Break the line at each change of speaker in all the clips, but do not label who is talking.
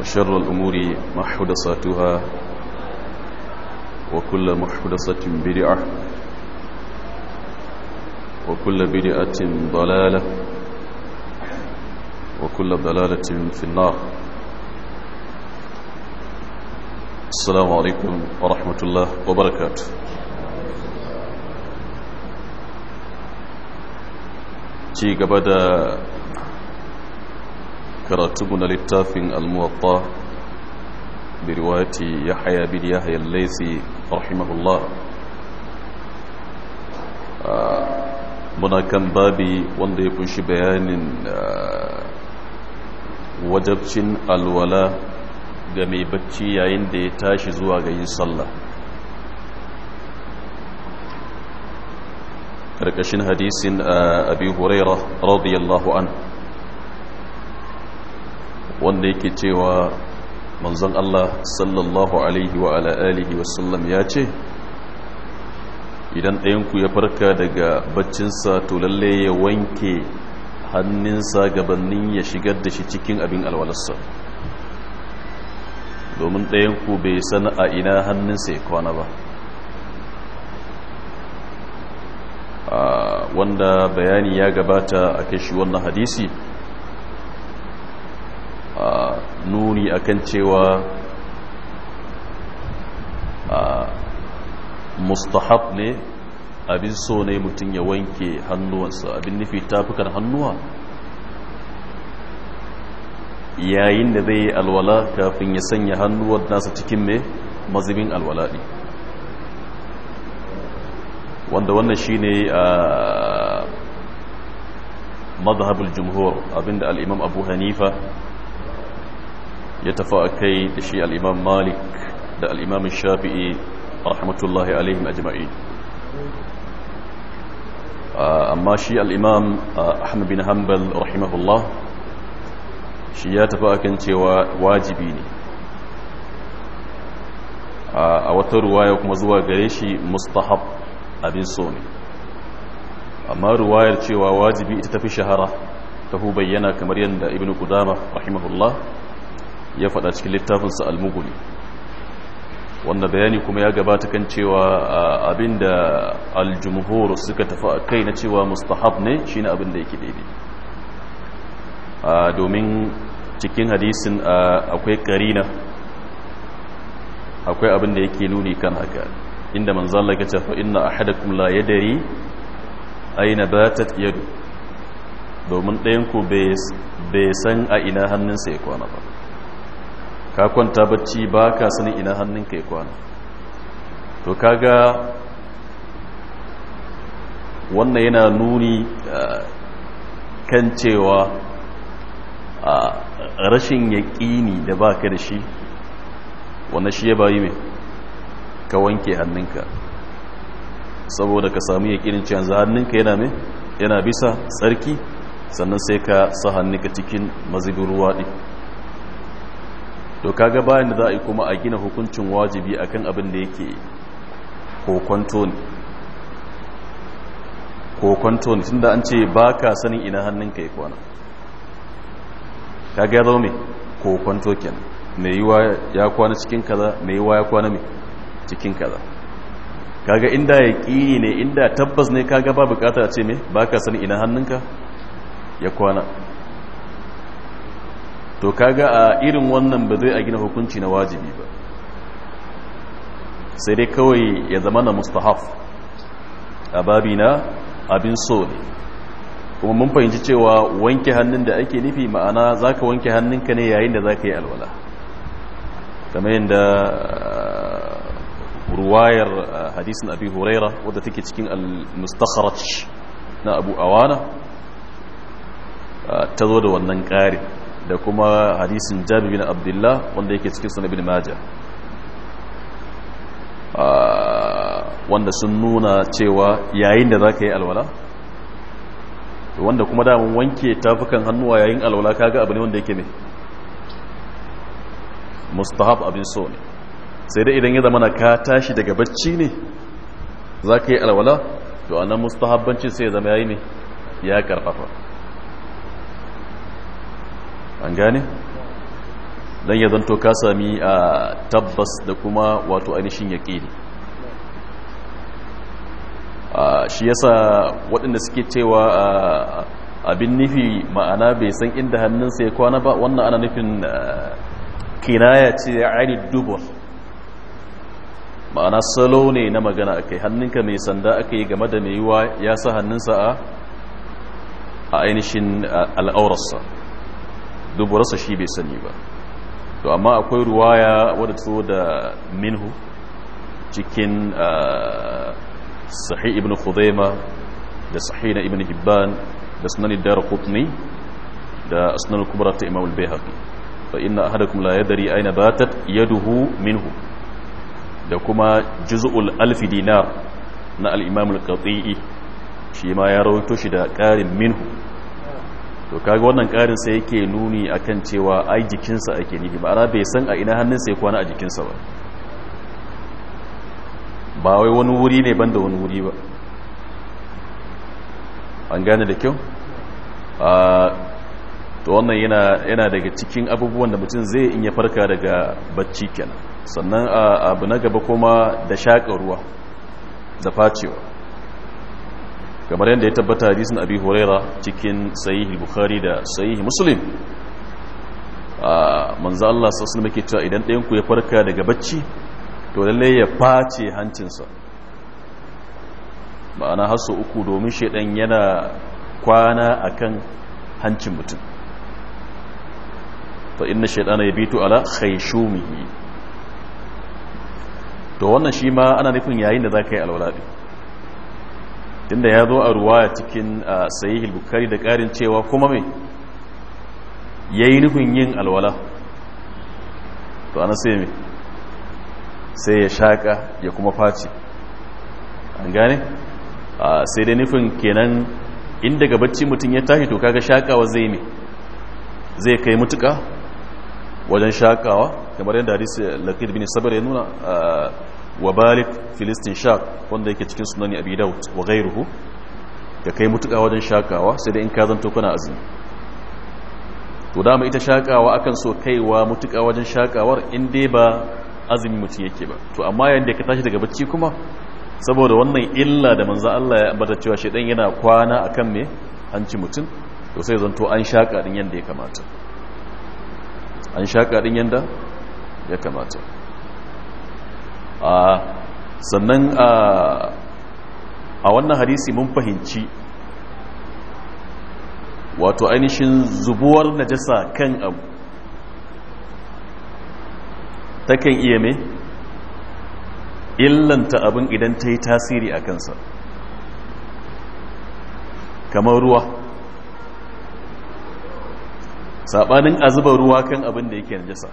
وشر الأمور محدثاتها وكل محدثة بدعة وكل بدعة ضلالة وكل ضلالة في النار السلام عليكم ورحمة الله وبركاته ci gaba da karatunmu na littafin almuwatta bi riwayati yahya bin yahya al-laythi rahimahullah ah, muna kan babi wanda ya kunshi bayanin ah, wajabcin alwala ga mai bacci yayin da ya tashi zuwa ga yin sallah ƙarƙashin hadisin ah, abi huraira radiyallahu anhu wanda yake cewa manzon Allah sallallahu alaihi wa ala alihi wa sallam ya ce idan ɗayanku ya farka daga baccinsa to lalle ya wanke hannunsa gabanin ya shigar da shi cikin abin alwalarsa domin ɗayanku bai san a ina hannunsa ya kwana ba ah, wanda bayani ya gabata a shi wannan hadisi nuni a kan cewa mustahab ne abin so ne mutum ya wanke hannuwansa abin nufi tafukan hannuwa yayin da zai yi alwala kafin ya sanya hannuwar nasa cikin mai mazibin alwala ne wanda wannan shi ne a mazhabul jumhur abinda al'imam abu hanifa ya tafi a kai da shi al'imam malik da al'imamin shafi'i rahmatullahi alaihim ajma'i ah, amma shi al'imam ah, ahmad bin hanbal rahimahullah shi ya tafi akan cewa wajibi ne ah, a wata ruwaya kuma zuwa gare shi mustahab abin so ne amma ruwayar cewa wajibi ita tafi shahara ta hu bayyana kamar yadda ibn kudama rahimahullah ya faɗa cikin littafinsa al-mughni wanda bayani kuma ya gabata kan cewa abinda al-jumhur suka tafi kai na cewa mustahab ne shine abin da yake daidai domin cikin hadisin akwai karina akwai abin da yake nuni kan haka inda manzan laga fa inna ahadakum la yadri aina batat yadu domin ɗayan ku bai san a ina hannunsa ya kwana ba ka kwanta bacci ba ka sani ina hannunka ya kwana to kaga wannan yana nuni kan cewa rashin yaƙini da ba ka da shi wannan shi ya bayi mai ka wanke hannunka saboda ka samu yaƙinin cewa za hannunka yana mai yana bisa tsarki sannan sai ka sa hannunka cikin mazibin ruwa ɗin to kaga bayan da za a yi kuma a gina hukuncin wajibi akan abin da yake kokonto ne kokonto ne tunda an ce ba ka sanin ina hannunka ya kwana kaga ya zama mai kokonto kenan mai wa ya kwana cikin kaza mai wa ya kwana mai cikin kaza kaga inda ya ƙini ne inda tabbas ne kaga ba bukatar a ce mai ba ka sanin ina hannunka ya kwana to kaga a irin wannan ba zai a gina hukunci na wajibi ba sai dai kawai ya zama na mustahaf a babi abin so ne kuma mun fahimci cewa wanke hannun da ake nufi ma'ana za ka wanke hannunka ne yayin da za ka yi alwala kamar yadda uh, ruwayar uh, hadisin abi huraira wadda take cikin al na abu awana uh, ta zo da wannan ƙarin da kuma hadisin jabir bin abdullah wanda yake cikin sunan na majah ah, wanda sun nuna cewa yayin da ka yi alwala wanda kuma damun wanke tafukan hannuwa yayin alwala kaga abu ne wanda yake ne mustahab abin so ne sai dai idan ya zama na ka tashi daga bacci ne za ka yi alwala to anan mustahabbancin sai ya zama yayi ne ya karfafa an gane don ya zanto ka sami a tabbas da kuma wato ainihin ya ƙini shi yasa waɗanda suke cewa abin nufi ma'ana bai san inda hannunsa ya kwana ba wannan ana nufin kinaya ce ya ainihin dubur ma'ana salo ne na magana kai hannunka mai sanda aka yi game da mai yiwa ya sa hannunsa a ainihin al'aurarsa duburarsa shi bai sani ba to amma akwai ruwaya wadda ta da minhu cikin sahih ibn khudaima da sahih na ibn hibban da sunan dar qutni da asnan kubra ta imam al-bayhaqi fa inna ahadakum la yadri ayna batat yaduhu minhu da kuma juz'ul alf dinar na al-imam al-qati'i shi ma ya rawaito shi da qarin minhu to kaga wannan karin sai yake nuni akan cewa ai jikinsa ake nufi ma'ana bai san a ina hannunsa ya kwana a jikinsa ba ba wai wani wuri ne banda wani wuri ba an gane da kyau to wannan yana daga cikin abubuwan da mutum zai in ya farka daga bacci kenan sannan abu na gaba kuma da shaƙa ruwa da facewa kamar yadda ya tabbata hadisin abi huraira cikin sahih bukhari da sahih muslim manzo Allah sallallahu alaihi cewa idan ɗayan ku ya farka daga bacci to lalle ya face hancinsa ma'ana hasso uku domin shedan yana kwana akan hancin mutum fa inna shaytana yabitu ala khayshumihi to wannan shi ma ana nufin yayin da zaka yi alwala tunda ya zo a ruwa a cikin uh, sahihul bukari da karin cewa kuma me yayi nufin yin alwala to ana sai me sai ya shaka ya kuma face an gane uh, sai dai nufin kenan inda daga bacci mutum ya tashi to kaga shakawa zai ne zai kai mutuka wajen shakawa kamar yadda hadisi da bin sabar ya nuna uh, wa balik filistin shaq wanda yake cikin sunani abi daud wa ghairuhu ka kai mutuka wajen shakawa sai da in ka zanto kana azumi to dama ita shakawa akan so kaiwa mutuka wajen shakawar in dai ba azumi mutu yake ba to amma yanda ka tashi daga bacci kuma saboda wannan illa da manzo Allah ya ambata cewa shedan yana kwana akan me hanci mutum to sai zanto an shaka din yanda ya kamata an shaka din yanda ya kamata sannan a wannan hadisi mun fahimci wato ainihin zubuwar najasa kan abu takan iya mai illanta abin idan ta yi tasiri a kansa kamar ruwa saɓanin a zuba ruwa kan abin da yake najasa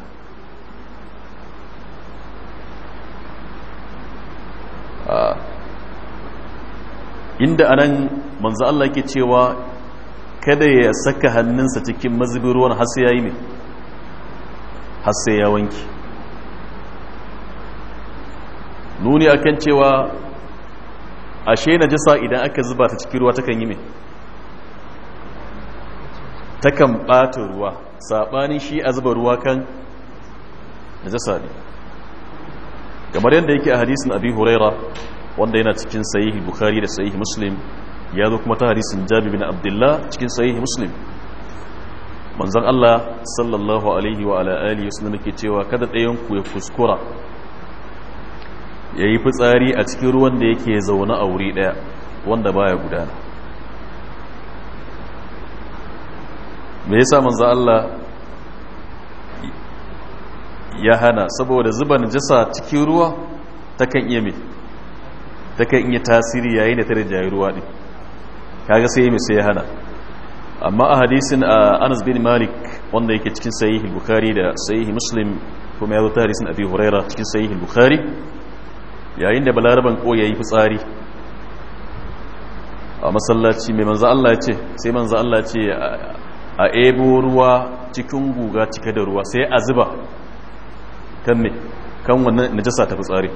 inda anan manzo Allah yake cewa kada ya saka hannunsa cikin mazubin ruwan har sai yayi ne har sai ya wanki nuni akan cewa ashe najasa idan aka zuba ta cikin ruwa takan yi me takan bata ruwa sabanin shi a zuba ruwa kan najasa ne kamar yadda yake a hadisin abi huraira wanda yana cikin sahihi bukhari da sahihi muslim ya zo kuma ta hadisin jabi bin abdullah cikin sahihi muslim manzon Allah sallallahu alaihi wa ala alihi wasallam yake cewa kada ɗayan ku ya kuskura yayi fitsari a cikin ruwan da yake zaune a wuri daya wanda baya gudana me yasa manzon Allah ya hana saboda zuba najasa cikin ruwa ta takan iya mai kan iya tasiri yayin da ta jayi ruwa ɗin kaga sai mai sai ya hana amma a hadisin anas bin malik wanda yake cikin sahihi bukari da sahihi muslim kuma ya zo ta hadisin abi huraira cikin sahihi bukari yayin da balaraban ko ya yi fitsari a masallaci mai manza Allah ce sai manza Allah ce a ebo ruwa cikin guga cike da ruwa sai a zuba kan me kan wannan najasa ta fitsari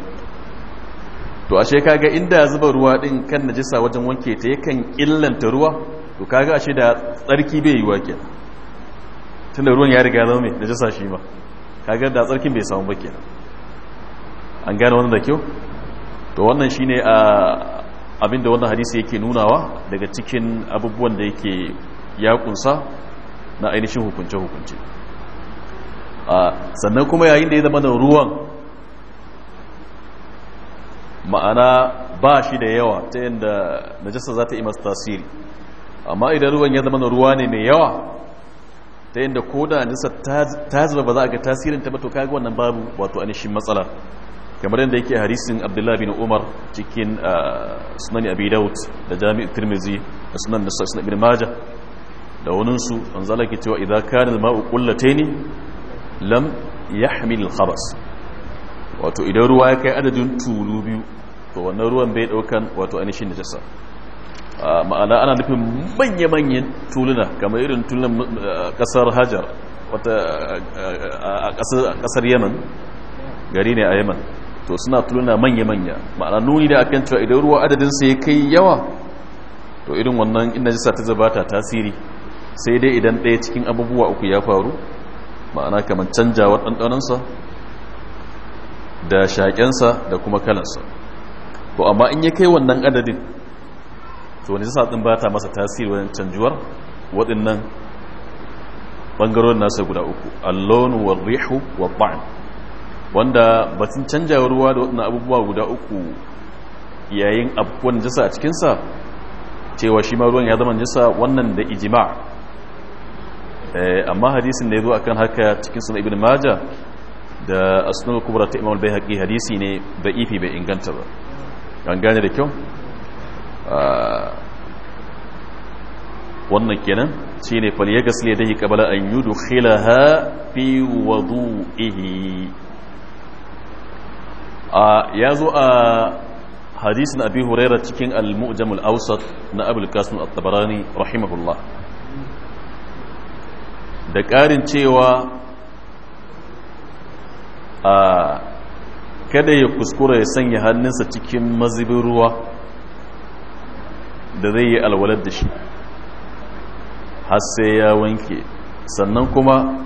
to ashe kaga inda zuba ruwa din kan najasa wajen wanke ta yakan illanta ruwa to kaga ashe da tsarki bai wa ke tunda ruwan ya riga zama mai najasa shi ba kaga da tsarkin bai samu ba ke an gane wannan da kyau to wannan shine a abinda wannan hadisi yake nunawa daga cikin abubuwan da yake ya kunsa na ainihin hukunce-hukunce sannan kuma yayin da ya zama da ruwan ma'ana ba shi da yawa ta yadda najasa za ta yi masu tasiri amma idan ruwan ya zama ruwa ne mai yawa ta yadda ko da najasa ta zuba ba za a ga tasirin ta to kaga wannan babu wato anishin matsala kamar yadda yake harisun abdullahi bin umar cikin sunan abi daud da jami'in tirmizi da sunan da sunan ibn majah da waninsu an zala cewa idan kana mau mau ne. lam hamil khabas wato idan ruwa ya kai adadin tulu biyu to wannan ruwan bai daukan wato ainihin najasa ah, ma'ana ana nufin manya-manyan tuluna kamar irin tulunan ah, kasar hajar wata ah, kasar yaman gari ne a yaman to suna tuluna manya-manya ma'ana nuni da akan cewa idan ruwa adadin sai kai yawa to irin wannan in najasa ta zaba ta tasiri sai dai idan ɗaya cikin abubuwa uku ya faru ma'ana kamar canjawar ɗanɗanonsa da shaƙensa da kuma kalansa to amma in ya kai wannan adadin to wani jisa ɗin ba ta masa tasiri wajen canjuwar waɗannan ɓangarorin nasa guda uku allonu wa rihu wa ba'an wanda batun canjawar ruwa da waɗannan abubuwa guda uku yayin abubuwan jisa a cikinsa cewa shi ma ruwan ya zama jisa wannan da ijima' amma hadisin da ya zo akan haka cikin sunan ibn maja da asnul kubra ta imam al-baihaqi hadisi ne da ifi bai inganta ba an gane da kyau wannan kenan shine fal yagasli yadihi qabla an yudkhilaha fi wudu'ihi a yazo a hadisin abi hurairah cikin al-mu'jam al-awsat na abul qasim at-tabarani rahimahullah da ƙarin cewa a kada ya kuskura ya sanya hannunsa cikin mazibin ruwa da zai yi alwalar da shi har sai ya wanke sannan kuma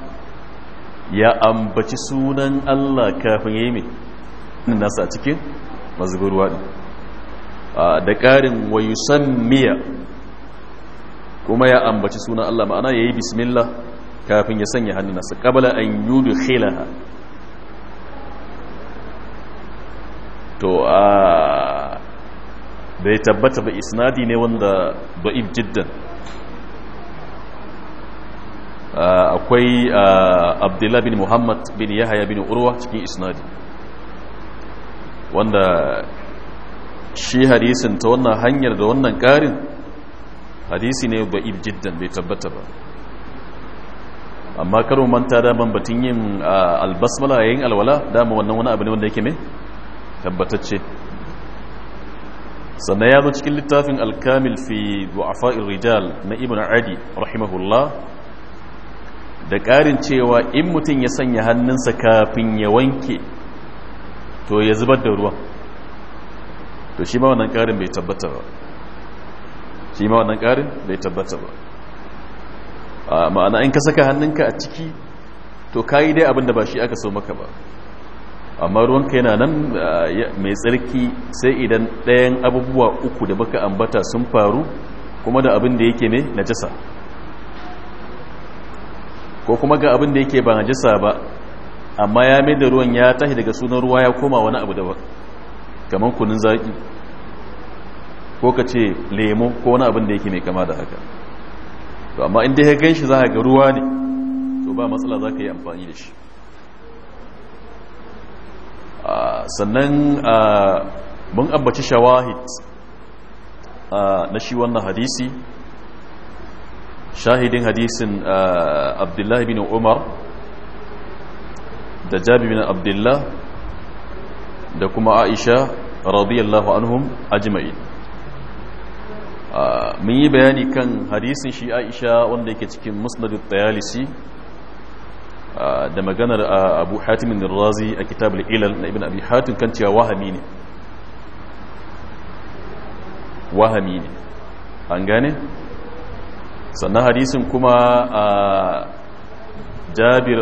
ya ambaci sunan Allah kafin ya yi mai nasa cikin mazibin ruwa ne. da ƙarin wayusan miya kuma ya ambaci sunan Allah ma'ana ya yi bismillah kafin ya sanya hannunsa qabla an yudkhilaha to a bai tabbata ba isnadi ne wanda da'if jiddan akwai abdullahi bin muhammad bin yahaya bin urwa cikin isnadi wanda shi hadisin ta wannan hanyar da wannan karin hadisi ne da'if jiddan bai tabbata ba amma karo manta daman batun yin albasmala yayin alwala dama wannan wani abu ne wanda yake mai tabbatacce sannan ya zo cikin littafin alkamil fi du'afa'ir rijal na ibn adi rahimahullah da ƙarin cewa in mutum ya sanya hannunsa kafin ya wanke to ya zubar da ruwa to shi ma wannan ƙarin bai tabbata ba shi ma wannan ƙarin bai tabbata ba ma'ana in ka saka hannunka a ciki to ka yi dai abin ba shi aka so maka ba amma ruwanka yana nan mai tsarki sai idan ɗayan abubuwa uku da baka ambata sun faru kuma da abin da yake ne najasa ko kuma ga abin da yake ba najasa ba amma ya mai da ruwan ya tashi daga sunan ruwa ya koma wani abu daban kamar kunun zaki ko ka ce lemo ko wani abin da yake mai kama da haka to amma inda ya gan shi za ga ruwa ne to ba matsala za ka yi amfani da shi sannan mun ambaci shawahid na shi wannan hadisi shahidin hadisin abdullahi bin umar da jabi bin abdullah da kuma aisha radiyallahu anhum ajma'in mun yi bayani kan hadisin shi aisha wanda yake cikin musnad tayalisi da maganar abu hatimin razi a kitab ilal na ibn abi hatim kan cewa wahami ne wahami ne an gane sannan hadisin kuma a jabir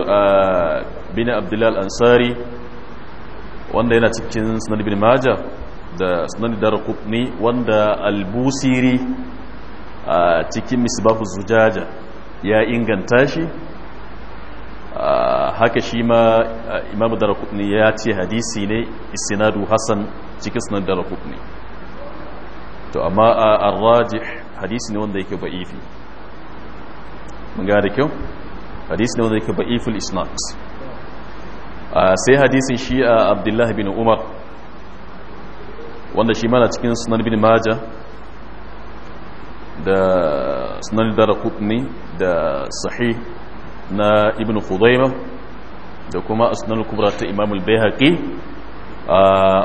bin abdullal ansari wanda yana cikin sanar bin majah da sunan darqutni wanda albusiri a cikin misbahu zujaja ya inganta shi haka shi ma imamu darqutni ya ce hadisi ne isnadu Hassan cikin sunan darqutni to amma ar-rajih hadisi ne wanda yake ba'ifi mun ga da kyau hadisi ne wanda yake ba'iful isnad sai hadisin shi a abdullahi bin umar wanda shi mana cikin sunan bin maja da sunan dara kudni da sahih na ibn khudaima da kuma sunan kubra ta imamul al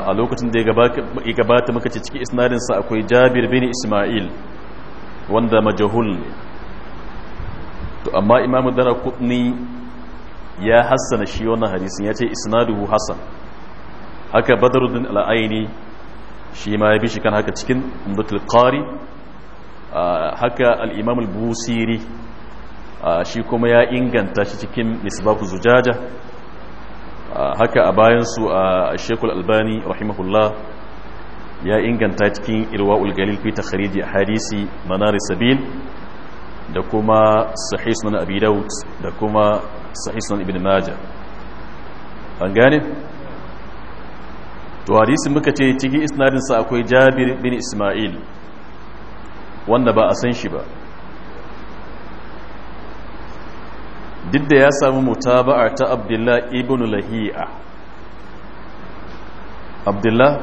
a lokacin da ya gabata maka ce cikin isnadinsa akwai jabir bin ismail wanda majahul ne to amma imamu dara Kudni ya hassana shi wannan hadisin ya ce isnaduhu hasan haka badarudin al'aini shi ma ya bi shi kan haka cikin umdatul qari haka al-imam al-busiri shi kuma ya inganta shi cikin misbahu zujaja haka a bayansu a shekul albani rahimahullah ya inganta cikin irwa'ul galil fi takhariji hadisi manar sabil da kuma sahih sunan abi daud da kuma sahih sunan ibn majah an gane to hadisi muka ce cikin isnadinsa akwai jabir bin ismail wanda ba a san shi ba duk da ya samu mutaba'a ta abdullah ibn lahi'a abdullah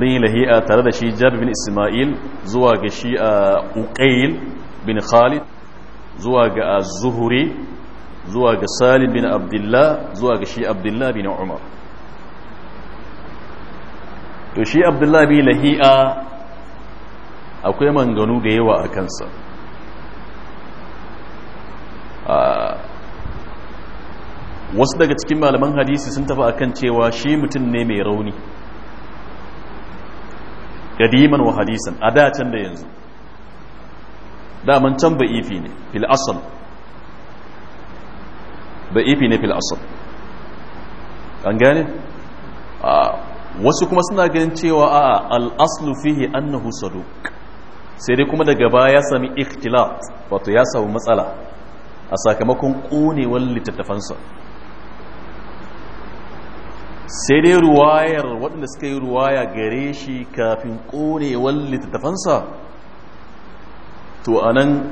bin lahi'a tare da shi jabir bin ismail zuwa ga shi a uqail bin khalid zuwa ga az-zuhri zuwa ga salim bin abdullah zuwa ga shi abdullah bin umar to shi abdullahi bin lahi'a akwai manganu da yawa a kansa wasu daga cikin malaman hadisi sun tafi akan cewa shi mutum ne mai rauni gadiman wa hadisan a dacen da yanzu daman can ba'ifi ne fil asal ba'ifi ne fil asal an gane wasu kuma suna ganin cewa a al'aslu fihi annahu saduk sai dai kuma daga baya ya sami ikhtilat wato ya samu matsala a sakamakon ƙonewar littattafansa sai dai ruwayar waɗanda suka yi ruwaya gare shi kafin ƙonewar littattafansa to a nan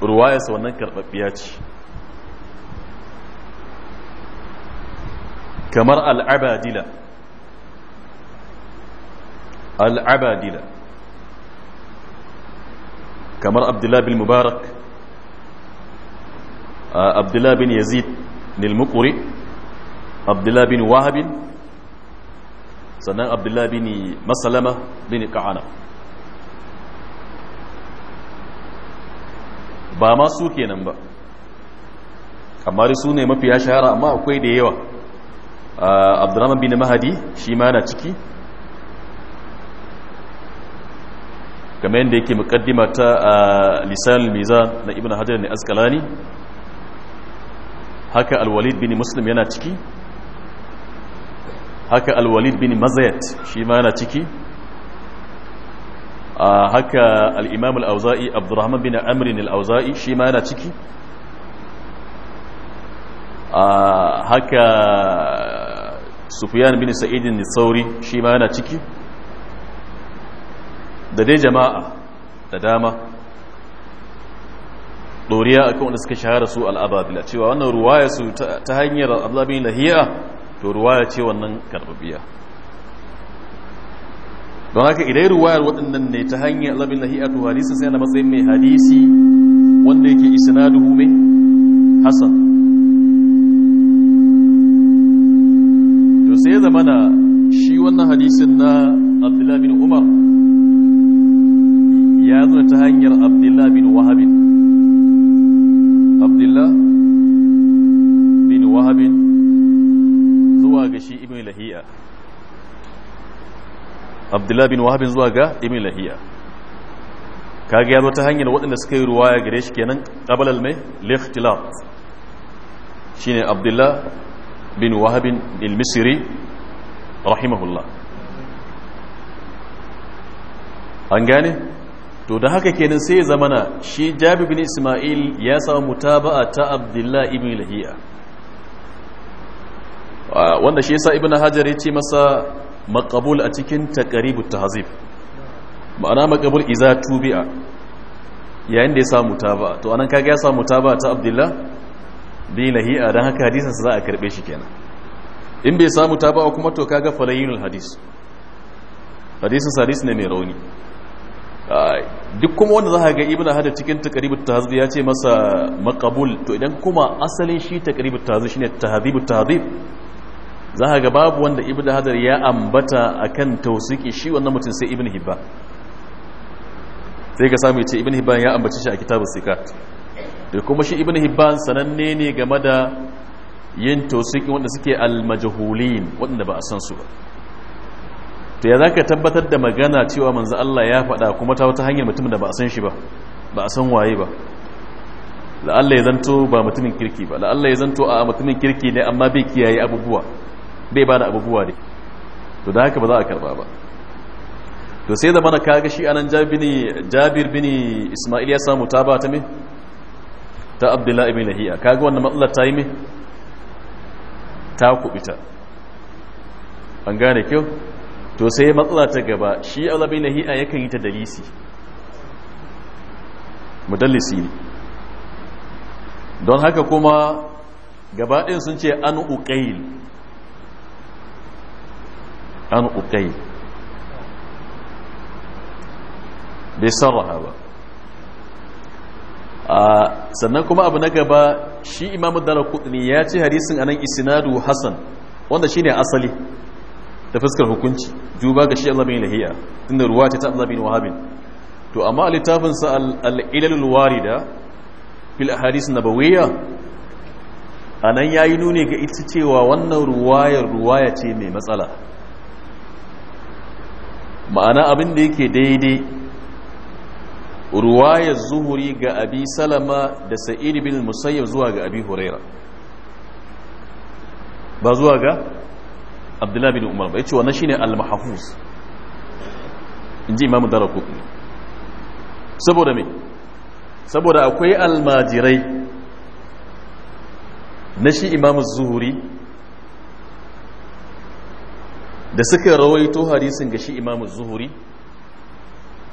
ruwayarsa wannan karɓaɓɓiya ce kamar al'abadila al'abadila kamar abdullah bin mubarak abdullah bin yazid nilmukuri abdullah bin wahabin sannan abdullah bin masalama bin ka'ana ba ma su kenan ba kamar su ne mafiya shahara amma akwai da yawa abdulrahman bin mahadi shi ma na ciki kamar yadda yake mukaddima ta a lisan mizan na ibn hajar ne askalani haka alwalid bin muslim yana ciki haka alwalid bin mazayat shi ma yana ciki haka al'imam al'auza'i abdurrahman bin amrin al'auza'i shi ma yana ciki haka sufiyan bin sa'idin sauri shi ma yana ciki da dai jama'a da dama doriya akan wanda suka shahara su al'ababila cewa wannan ruwaya su ta hanyar al'ababin lahiya to ruwaya ce wannan karbabiya don haka idan ruwayar waɗannan ne ta hanyar al'ababin lahiya to hadisi sai na matsayin mai hadisi wanda yake isnaduhu mai hasan to sai ya zama na shi wannan hadisin na abdullahi bin umar hanyar abdullah bin wahabin abdullah bin wahabin zuwa ga shi ibn lahiya abdullah bin wahabin zuwa ga ibn lahiya kage ya zo ta hanyar waɗanda suka yi ruwaya gare shi kenan qabalal mai likhtilat shine abdullah bin wahabin al-misri rahimahullah an gane to da haka kenan sai ya zamana shi jabi bin ismail ya samu mutaba'a ta abdullah ibn lahiya wanda shi yasa ibn hajar ya ce masa maqabul a cikin taqribu tahzib ma'ana maqabul iza tubi'a yayin da ya samu mutaba'a to anan kaga ya samu mutaba'a ta abdullah bin lahiya dan haka hadisin sa za a karbe shi kenan in bai samu mutaba'a kuma to kaga falayinul hadis hadisin sa hadis ne mai rauni duk kuma wanda za ga ibn hada cikin taqribut tahzib ya ce masa maqbul to idan kuma asalin shi taqribut tahzib shine tahdhibut tahdhib za ga babu wanda ibn hada ya ambata akan tausiki shi wannan mutum sai ibn hibba sai ka samu ce ibn hibban ya ambace shi a kitabus sikat da kuma shi ibn hibban sananne ne game da yin tausiki wanda suke al-majhulin wanda ba a san su ba to ya za ka tabbatar da magana cewa manzu Allah ya faɗa kuma ta wata hanyar mutum da ba a san shi ba ba a san waye ba la'alla ya zanto ba mutumin kirki ba la'alla ya zanto a mutumin kirki ne amma bai kiyaye abubuwa bai ba da abubuwa ne to da haka ba za a karba ba to sai da mana kaga shi anan jabir bin ismail ya samu ta ba ta me ta abdullahi bin lahiya kaga wannan matsalar ta yi me ta kubita an gane kyau to sai matsala ta gaba shi alabai na hi'a yakan yi ta dalisi mudallisi ne don haka kuma gabaɗin sun ce an uƙail an uƙail bai sarraha ba sannan kuma abu na gaba shi imamu dara kudini ya ce hadisin anan isinadu hassan wanda shine asali da fuskar hukunci juba ga shi Allah bin lahiya inda ruwa ta Allah bin wahabin to amma a littafin sa al warida fil ahadis nabawiyya anan yayi nuni ga ita cewa wannan ruwayar ruwaya ce mai matsala ma'ana abin da yake daidai ruwayar zuhuri ga abi salama da sa'id bin musayyab zuwa ga abi huraira ba zuwa ga abdullahi bin umar ba ya ce wannan shine al-mahfuz in ji imamu darakutni saboda me saboda akwai almajirai na shi imamu zuhuri da suka rawaito hadisin ga shi imamu zuhuri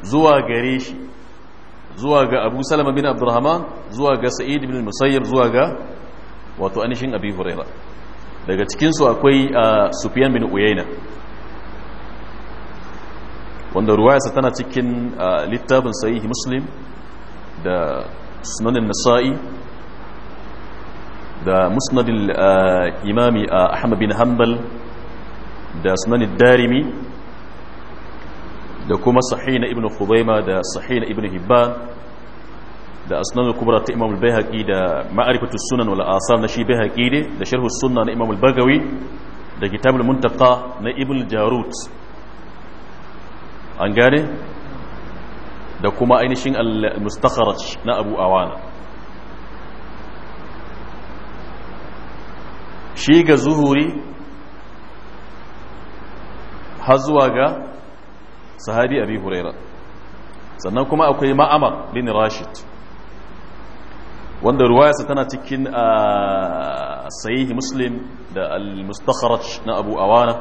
zuwa gare shi zuwa ga abu salama bin abdurrahman zuwa ga sa'id bin Musayyar zuwa ga wato anishin abi huraira daga cikinsu akwai ah, sufiyan bin uyaina wanda ruwayarsa tana cikin ah, littafin sahihi muslim da sunanin nasa'i da musnadin ah, imami ahmad bin hanbal da sunanin darimi da kuma sahi na ibn khuzaima da sahi na ibn hibban da asnan kubra ta imam al-baihaqi da ma'arifatu sunan wal asar na shi bayhaqi ne da sharh sunna na imam al-bagawi da kitab al-muntaqa na ibn jarut an gane da kuma ainihin al-mustakharaj na abu awana shi ga zuhuri har zuwa ga sahabi abi huraira sannan kuma akwai ma'amar bin rashid wanda ruwayarsa tana cikin ah, sahihi muslim da al-mustakharaj na abu awana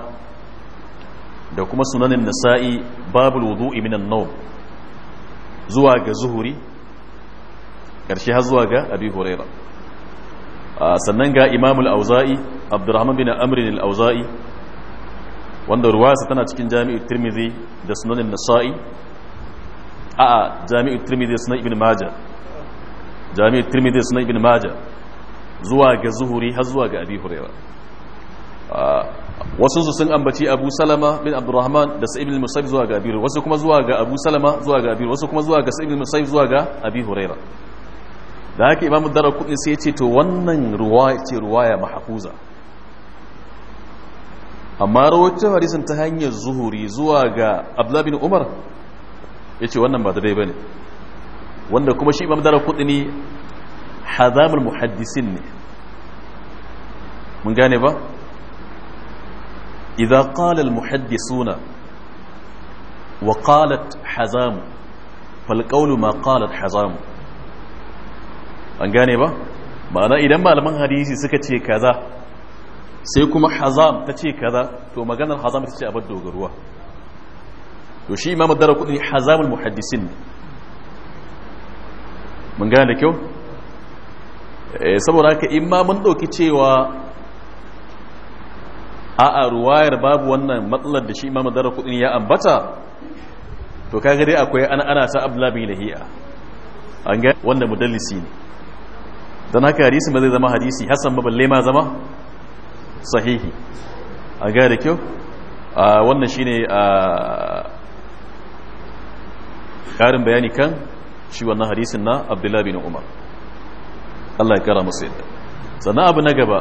da kuma sunanin nasa'i babul wudu'i minan nawm zuwa ga zuhuri karshe har zuwa ga abi huraira ah, sannan ga imam al-auza'i abdurrahman bin amr al-auza'i wanda ruwayarsa tana cikin jami'u tirmidhi da sunanin nasa'i a jami'u tirmidhi da sunan ibn majah jami'ar tirmidhi suna ibn maja zuwa ga zuhuri har zuwa ga abi huraira wasu su sun ambaci abu salama bin abdurrahman da sa'ib bin musayib zuwa ga abiru wasu kuma zuwa ga abu salama zuwa ga abiru wasu kuma zuwa ga sa'ib bin musayib zuwa ga abi huraira da haka imamu dara kudin sai ya ce to wannan ruwaya ce ruwaya mahafuza amma rawacin hadisin ta hanyar zuhuri zuwa ga Abdullahi bin umar ya ce wannan ba da dai ba ne wanda kuma shi imam dara kudini hazamul muhaddisin ne mun gane ba idza qalal muhaddisuna wa qalat hazam fal qawlu ma qalat hazam an gane ba ma'ana idan malaman hadisi suka ce kaza sai kuma hazam ta ce kaza to maganar hazam ta ce abin dogaruwa to shi imam dara kudini hazamul muhaddisin ne mun gane da kyau eh, saboda haka in ma mun ɗauki cewa a a ruwayar babu wannan matsalar da shi ma madara kudin ya ambata to kaga dai akwai ana ana ta labi na Hiya. an gani. wanda mudallisi ne dan haka hadisi ba zai zama hadisi hasan ba balle ma zama sahihi an gani da kyau ah, wannan wannan ne a ah, karin bayani kan shi wannan hadisin na abdullahi bin umar Allah ya kara musu yadda sannan abu na gaba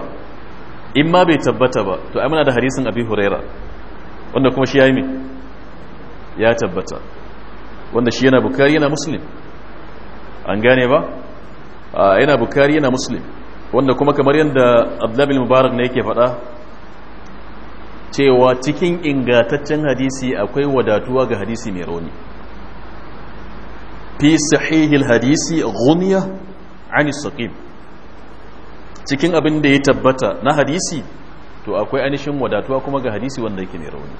in ma bai tabbata ba to ai muna da hadisin abi huraira wanda kuma shi yayi ya tabbata wanda shi yana bukari yana muslim an gane ba yana bukari yana muslim wanda kuma kamar yadda abdullahi mubarak ne yake faɗa cewa cikin ingantaccen hadisi akwai wadatuwa ga hadisi mai rauni fi sahihil hadisi ghunya an saqim cikin abin da ya tabbata na hadisi to akwai anishin wadatuwa kuma ga hadisi wanda yake mai rauni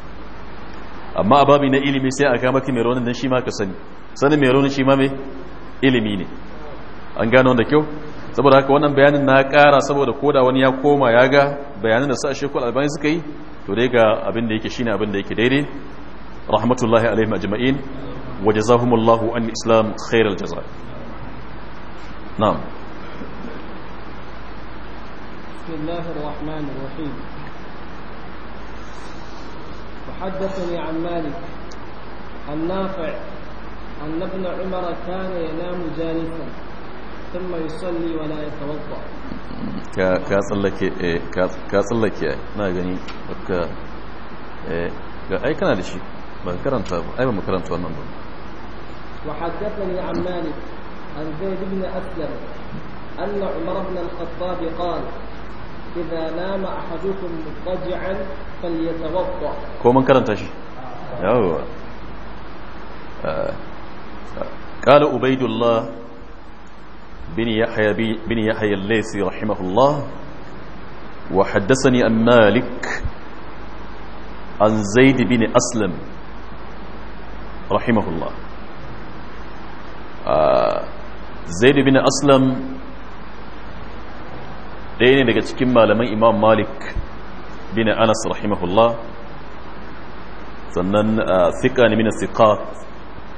amma a babi na ilimi sai a kama mai raunin nan shi ma ka sani sanin mai rauni shi ma mai ilimi ne an gano da kyau saboda haka wannan bayanin na kara saboda koda wani ya koma ya ga bayanin da su a shekul albani suka yi to dai ga abin da yake shine abin da yake daidai rahmatullahi alaihim ajma'in وجزاهم الله عن الإسلام خير الجزاء نعم
بسم الله الرحمن الرحيم وحدثني عن مالك النافع أن ابن عمر كان ينام جالسا ثم يصلي ولا يتوضأ
كاصل لك إيه كاصل لك gani ما يعني ga ai kana da shi ba karanta ba ai ba
وحدثني عن مالك عن زيد بن أسلم أن عمر بن الخطاب قال إذا نام أحدكم مضطجعا فليتوضأ
كو من كرنت شيء آه. قال أبيد الله بن يحيى بن يحيى الليثي رحمه الله وحدثني عن مالك عن زيد بن أسلم رحمه الله Uh, Zaidu bin aslam ɗaya ne daga cikin malaman imam malik bin anas rahimahullah sannan uh, thika ne min thiqat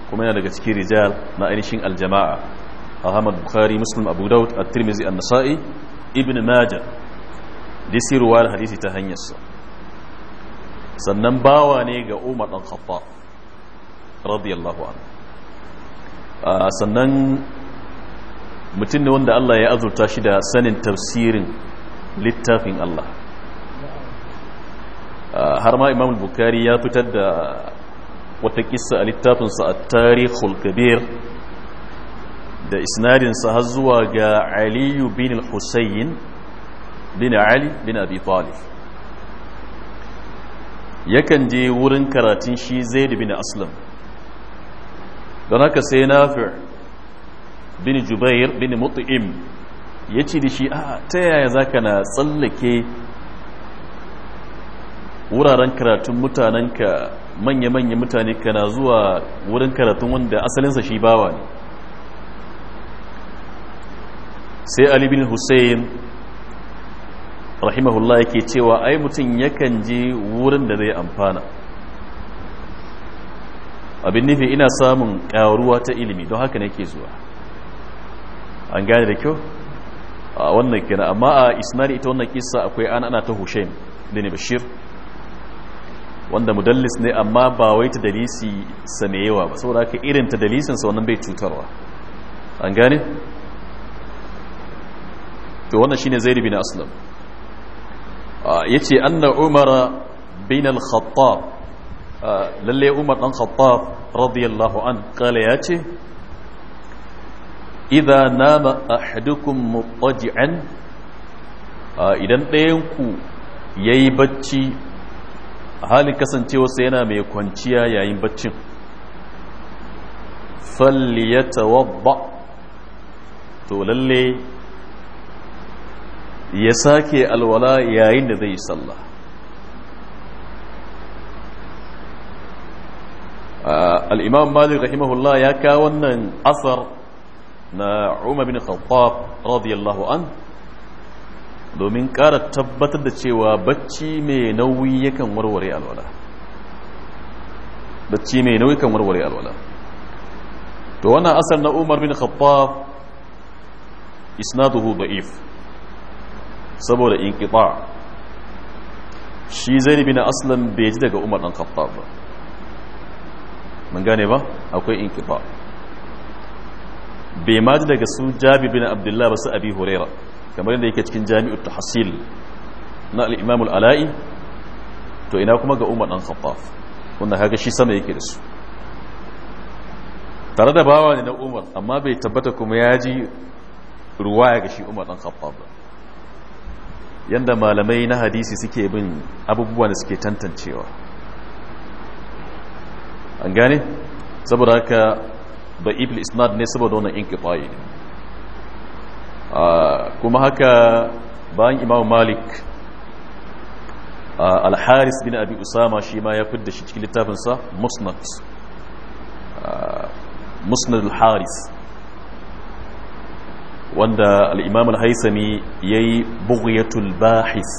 kuma yana daga cikin rijal na ainihin aljama'a ahmad bukhari muslim abu daud at-tirmidhi an-nasa'i ibn majah disi ruwayar hadisi ta hanyarsa sannan bawa ne ga umar dan khattab radiyallahu anhu sannan mutum ne wanda Allah ya azurta shi da sanin tafsirin littafin Allah har ma imam bukari ya fitar da wata kissa a littafinsa a tarihul kabir da isnadinsa har zuwa ga aliyu bin husayn bin ali bin abi talib yakan je wurin karatun shi da bin aslam don haka sai nafi bin jubair bin mutu'im ya ce da shi a ta yaya za ka na tsallake wuraren karatun mutanenka manya-manya mutane ka na zuwa wurin karatun wanda asalinsa shi bawa ne sai ali bin hussein rahimahullah yake cewa ai mutum yakan je wurin da zai amfana abin nufi ina samun karuwa ta ilimi don haka nake zuwa an gane da kyau a wannan kira amma a isnari ita wannan kisa akwai an ana ta hushain ne bashir wanda mudallis ne amma ba wai ta dalisi yawa ba saboda haka irin ta dalisin sa wannan bai cutarwa an gane to wannan shine zaid bin aslam yace anna umara bin al-khattab lalle umar dan khattab radiyallahu an kala ya ce iza nama ahadukum mutaji'an idan ɗayan ku yayi bacci halin kasancewarsa yana mai kwanciya yayin baccin tawabba to lalle ya sake alwala yayin da zai yi sallah al-imam malik rahimahullah ya kawo wannan asar na umar bin khattab radiyallahu an domin ƙara tabbatar da cewa bacci mai nauyi yakan warware alwala bacci mai nauyi kan warware alwala to wannan asar na umar bin khattab isnaduhu da'if saboda inqita shi zaid bin aslam bai ji daga umar dan khattab ba mun gane ba akwai inkifa bai ma ji daga su jabi bin abdullahi ba su abi huraira kamar yadda yake cikin ta hasil na al'imamul alai to ina kuma ga umar dan khattab wanda haka shi sama yake da su tare da bawa ne na umar amma bai tabbata kuma ya ji ruwaya ga shi umar dan khattab ba yanda malamai na hadisi suke bin abubuwan da suke tantancewa an gane saboda haka da ibl isnad ne saboda wannan inqita'i ah, kuma haka bayan imam malik ah, al-haris bin abi usama shi ma ya fidda shi cikin littafinsa musnad ah, musnad al-haris wanda al-imam al-haisami yayi bughyatul bahis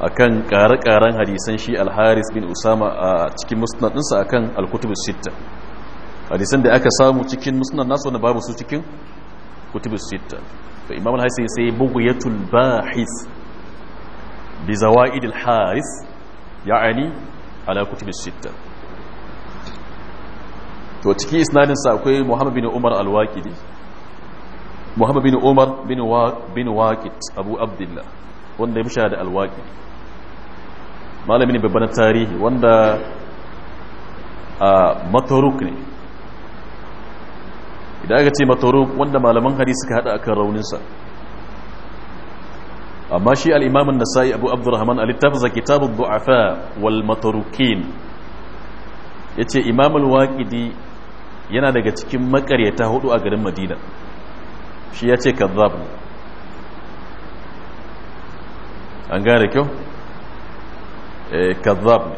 akan ƙare-ƙaren hadisan shi alharis bin usama a cikin musnad ɗinsa akan alkutubu sitta hadisan da aka samu cikin musnad nasu wanda babu su cikin kutubu sitta to imam al-hasan sai bughyatul bahis bi zawaid al-haris ya'ani ala kutubu sitta to cikin isnadin sa akwai muhammad bin umar al-waqidi muhammad bin umar bin bin waqid abu abdullah wanda ya musha da al-waqidi malami ne babban tarihi wanda a ne idan aka ce mataruk wanda malaman hadisi suka hada akan rauninsa amma shi al'imamin nasa'i abu abdurrahman Ali littafinsa kitabun du'afa wal matarukin ya ce imamul waƙidi yana daga cikin makaryata hudu a garin madina shi ya ce kazzab an gane kyau Eh, kazzab ne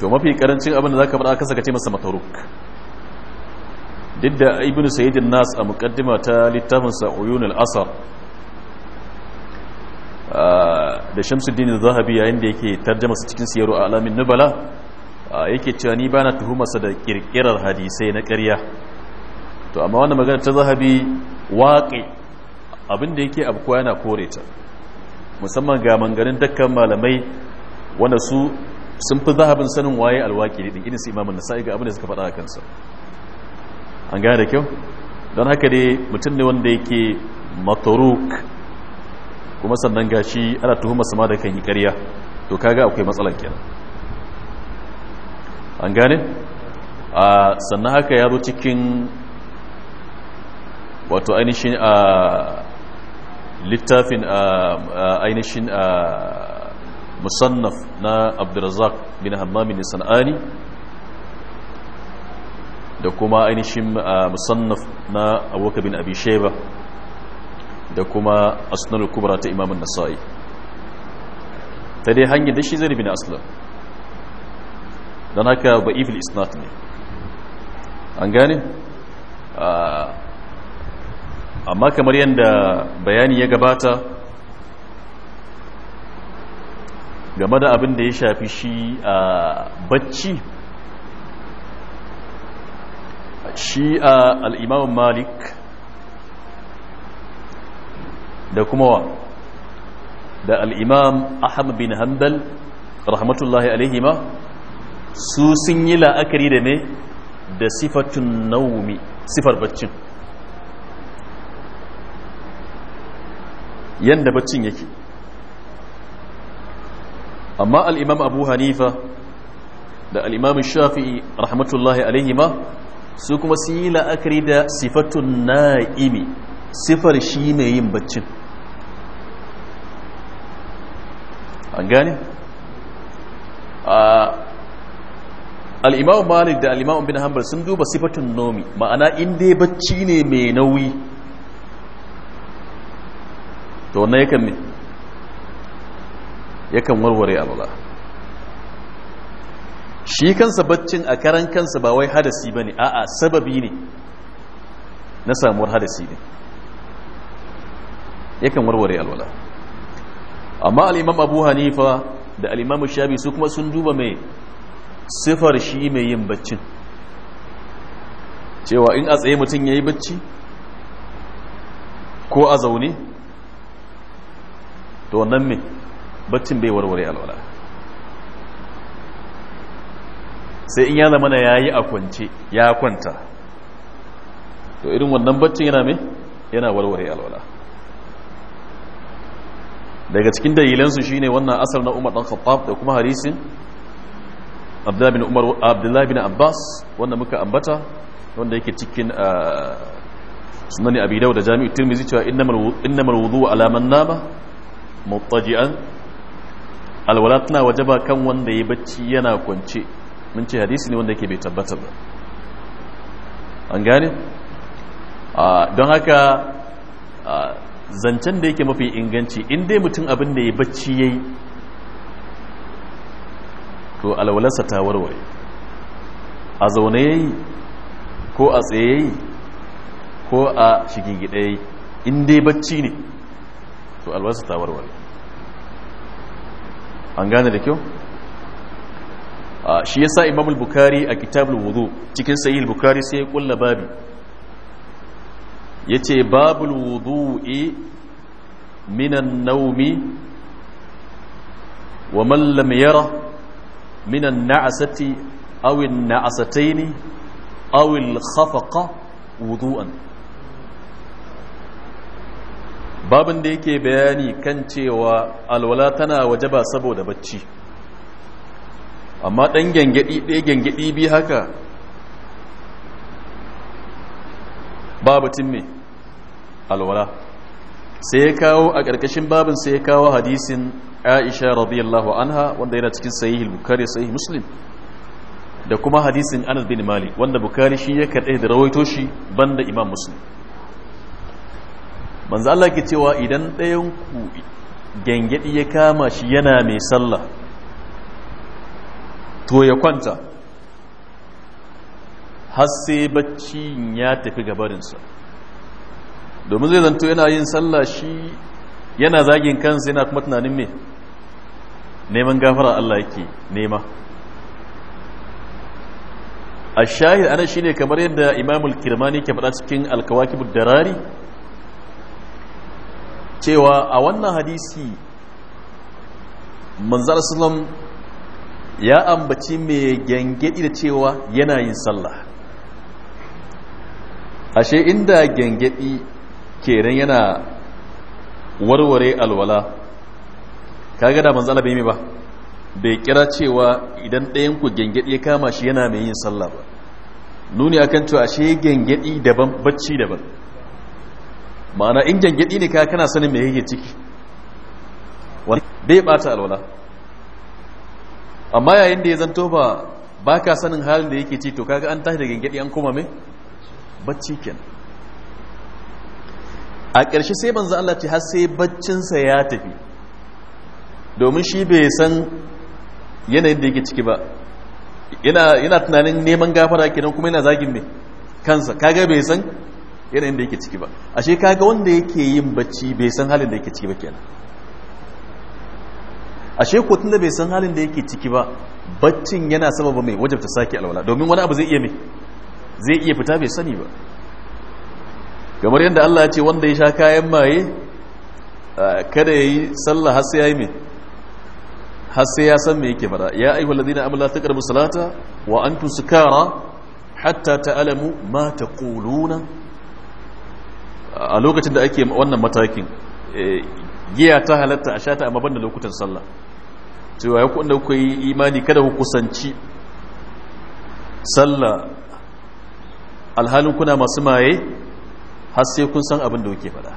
to mafi karancin abin da zaka faɗa ka sakace masa mataruk duk da ibnu an nas a muqaddima ta littafin sa uyun al-asr ah, da shamsuddin az-zahabi yayin da yake tarjuma su cikin siyaru alamin nubala ah, yake cewa ni bana tuhumarsa da kirkirar hadisai na ƙarya to amma wannan magana ta zahabi waqi abin da yake abkuwa yana kore ta musamman ga manganin dukkan malamai wanda su sun fi zahabin sanin waye alwaƙi din irin su imamun nasa'i ga abin da suka faɗa a kansa an gane da kyau don haka dai mutum ne wanda yake mataruk kuma sannan gashi ana tuhuma sama da kan yi ƙarya to kaga akwai matsalar kenan an gane a sannan haka ya zo cikin wato ainihin a littafin ainihin a musannaf na abdulrazak bin hammamin sana'ani da kuma ainihin uh, musannaf na abubakar bin abi da kuma asnul kubra ta imamun nasa'i ta dai hanyar da shi zai bin aslam don haka ba ifil isnat ne an gane uh, amma kamar yadda bayani ya gabata game da abin da ya shafi shi a bacci shi a al'imamun malik da kuma wa da al'imam Ahmad bin hanbal rahmatullahi alaihima su sun yi la'akari da ne da sifatun naumi sifar baccin yadda baccin yake amma al'imam abu hanifa da al'imam shafi'i rahmatullahi alaihima su kuma su yi la'akari da sifatun na'imi sifar shi mai yin baccin an gane? al'imam malik da al'imam bin hanbal sun duba sifatun nomi ma'ana inda bacci ne mai nauyi to wannan yakan ne yakan warware alwala shi kansa baccin a karan kansa ba wai hadasi ba ne a'a sababi ne na samuwar hadasi ne yakan warware alwala amma al'imam abu hanifa da al'imam shabi su kuma sun duba mai sifar shi mai yin baccin cewa in a tsaye mutum ya yi bacci ko a zaune to wannan mai baccin bai warware alwala sai in ya zama na yi a kwance ya kwanta to irin wannan baccin yana mai yana warware alwala daga cikin dalilansu shi ne wannan asar na Umar dan Khattab da kuma hadisin Abdullah bin Abbas wanda muka ambata wanda yake cikin ah, sunani abidau da Jami'u tirmizi cewa innamal wudu alaman nama mutaji'an alwala tana wajaba kan wanda ya bacci yana kwance mun ce hadisi ne wanda yake bai tabbata ba an gane don haka zancen da yake mafi inganci in dai mutum abin da ya bacci ya yi to alwalarsa ta warware a zaune ya yi ko a tsaye ya yi ko a shigigida ya yi in dai bacci ne to alwalarsa ta warware an gane da kyau shi yasa imam al-bukhari a kitabul wudu cikin sahih al-bukhari sai ya kulla babi yace babul wudu'i minan naumi wa man lam yara minan na'asati aw an-na'asataini Awin al wudu'an babin da yake bayani kan cewa alwala tana wajaba saboda bacci amma ɗan gyangyaɗi ɗaya gyangyaɗi bi haka babatin me alwala sai ya kawo a ƙarƙashin babin sai ya kawo hadisin aisha radiyallahu anha wanda yana cikin sahih bukari sahih muslim da kuma hadisin anas bin malik wanda bukari shi ya kaɗai da rawaito shi banda imam muslim manzo Allah ke cewa idan ɗayan ku gengedi ya kama shi yana mai sallah to ya kwanta har sai bacci ya tafi gabarinsa domin zai zanto yana yin sallah shi yana zagin kansa yana kuma tunanin me neman gafara Allah yake nema a shahid ana shine kamar yadda imamul kirmani ke faɗa cikin alkawakibud darari cewa a wannan hadisi manzar salam ya ambaci mai gyangyaɗi da cewa yana yin sallah ashe inda gyangyaɗi kenan yana warware alwala kaga da manzala bai mai ba bai kira cewa idan ɗayan ku gyangyaɗi ya kama shi yana mai yin sallah ba nuni akan cewa ashe gyangyaɗi daban bacci daban ma'ana in gyangyaɗi ne ka kana sanin me yake ciki wani bai bata alwala amma yayin da ya zanto ba ba ka sanin halin da yake ci to kaga an tashi da gyangyaɗi an kuma mai bacci kenan a ƙarshe sai manzo Allah ce har sai baccinsa ya tafi domin shi bai san yanayin da yake ciki ba yana tunanin neman gafara kenan kuma yana zagin me kansa kaga bai san yanayin da yake ciki ba ashe kaga wanda yake yin bacci bai san halin da yake ciki ba kenan ashe ko tunda bai san halin da yake ciki ba baccin yana sababa mai wajabta sake alwala domin wani abu zai iya mai zai iya fita bai sani ba kamar yadda Allah ya ce wanda ya sha kayan maye kada ya yi sallah har sai ya yi mai har sai ya san me yake fara ya aihu ladina amala ta karbi salata wa an tusu kara? hatta alamu ma kulunan. a lokacin da ake wannan matakin eh, giya ta halatta a shata amma da lokutan sallah cewa ya kuɗin da kuka yi imani kada ku kusanci sallah alhalin kuna masu maye har sai kun san abin da kuke faɗa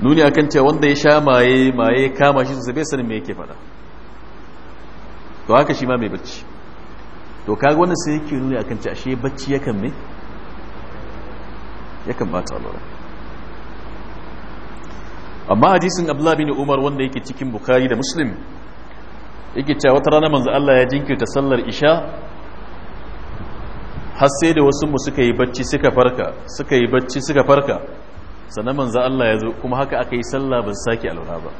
nuni akan cewa wanda ya sha maye maye kama shi su bai sanin me yake faɗa to haka shi ma mai bacci to kaga wannan sai yake nuni akan cewa shi bacci yakan me yakan bata lura amma hadisin abdullah bin umar wanda yake cikin bukari da muslim yake cewa wata rana manzo Allah ya jinkirta sallar isha har sai da wasu mu suka yi bacci suka farka suka yi bacci suka farka sannan manzo Allah ya zo kuma haka aka yi sallah ban saki alwala ba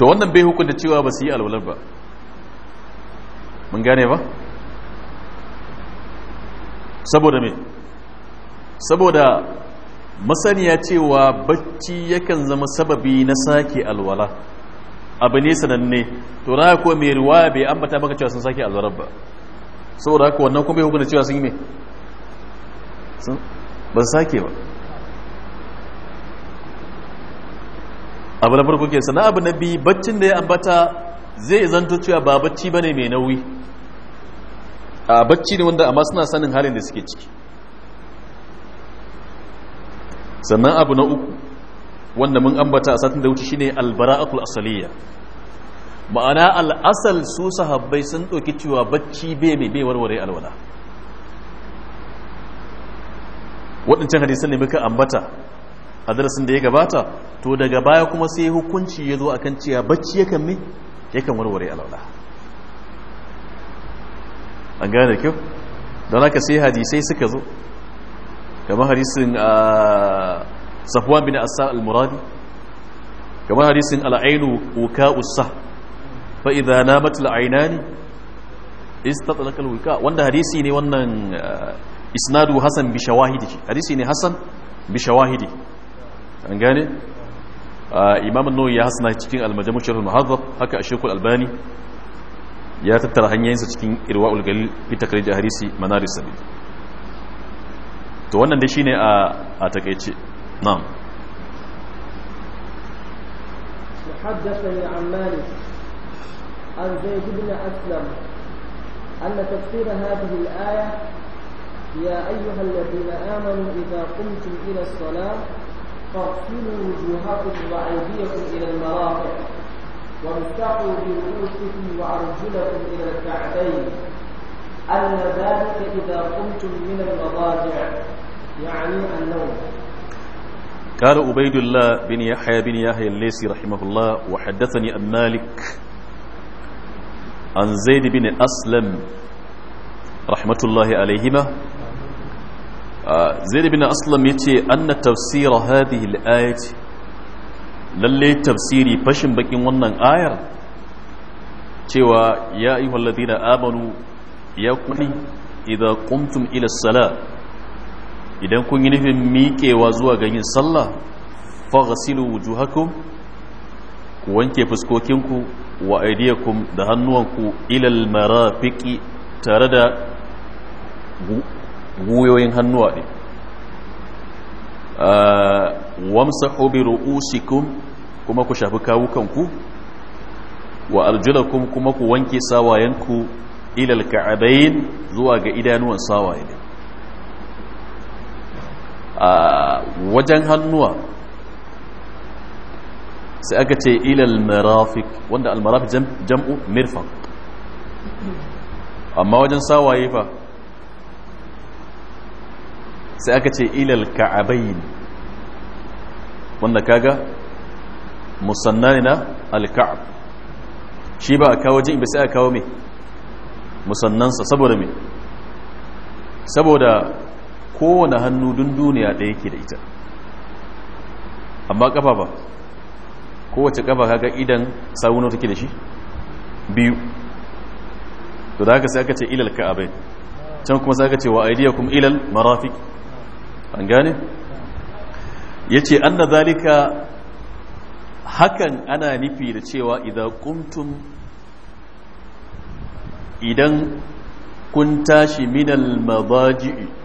to wannan bai hukunta cewa ba su yi alwalar ba mun gane ba saboda me saboda masaniya cewa bacci yakan zama sababi na sake alwala abu ne sananne to na kuwa mai ruwa bai ambata maka cewa sun sake alwala ba saboda haka wannan kuma bai hukunta cewa sun yi me ba sake ba abu na farko ke sana abu na biyu baccin da ya ambata zai zanto cewa ba bacci ba ne mai nauyi a bacci ne wanda amma suna sanin halin da suke ciki sannan abu na uku wanda mun ambata a satin da wuce shine albara'atul asaliya ma'ana al'asal su sahabbai sun ɗauki cewa bacci bai mai bai warware alwala waɗancan hadisan ne muka ambata a darasin da ya gabata to daga baya kuma sai hukunci ya zo a kan cewa bacci yakan kan yakan warware alwala an gane kyau don haka sai hadisai suka zo kamar hadisin ah, safwan bin asa Almuradi muradi kamar hadisin al'ainu uka usa fa idza namat al-ainani istatlaqa al-wika wanda hadisi ne wannan ah, isnadu hasan bi shawahidi hadisi ne hasan bi shawahidi an gane ah, imam an-nawawi ya hasana cikin al-majmu' sharh al haka ash-shaykh albani ya tattara hanyoyinsa cikin irwaul galil fi takrij hadisi to wannan dai shine a takaice na'am
عن مالك عن زيد بن أسلم أن تفسير هذه الآية يا أيها الذين آمنوا إذا قمتم إلى الصلاة فاغسلوا وجوهكم وأيديكم إلى المرافق وامسحوا برؤوسكم وأرجلكم إلى الكعبين أن ذلك إذا قمتم من المضاجع يعني النوم
قال عبيد الله بن يحيى بن يحيى الليسي رحمه الله وحدثني عن مالك عن زيد بن أسلم رحمة الله عليهما زيد بن أسلم يتي أن تفسير هذه الآية للي تفسيري فشن بكين ونن آير cewa ya yi wallazina amanu ya kuli idan kumtum ila sala idan kun yi nufin miƙewa zuwa ga yin sallah faghsilu wujuhakum ku wanke fuskokinku wa aydiyakum da hannuwanku ilal marafiqi tare da guyoyin hannuwa ne ah, wamsahu bi ru'usikum kuma ku shafi kawukanku wa arjulakum kuma ku wanke sawayenku ilal ka'abain zuwa ga idanuwan sawaye ne wajen hannuwa sai aka ce ilal marafik wanda almarafik jam'u mirfaq amma wajen sawaye fa sai aka ce ilal ka'abain wanda kaga musannani na alka'ab shi ba a kawo jin sai a kawo me musannansa saboda mai. saboda kowane hannu dun duniya ɗaya ke da ita amma ƙafa ba kowace ƙafa kaga idan sauno take da shi biyu to da haka sai aka ce ilal ka'abai can kuma sai aka ce wa kuma ilal marafi? an gane Ya ce an anna zalika hakan ana nufi da cewa idan kuntum idan kun tashi minal mabaji'i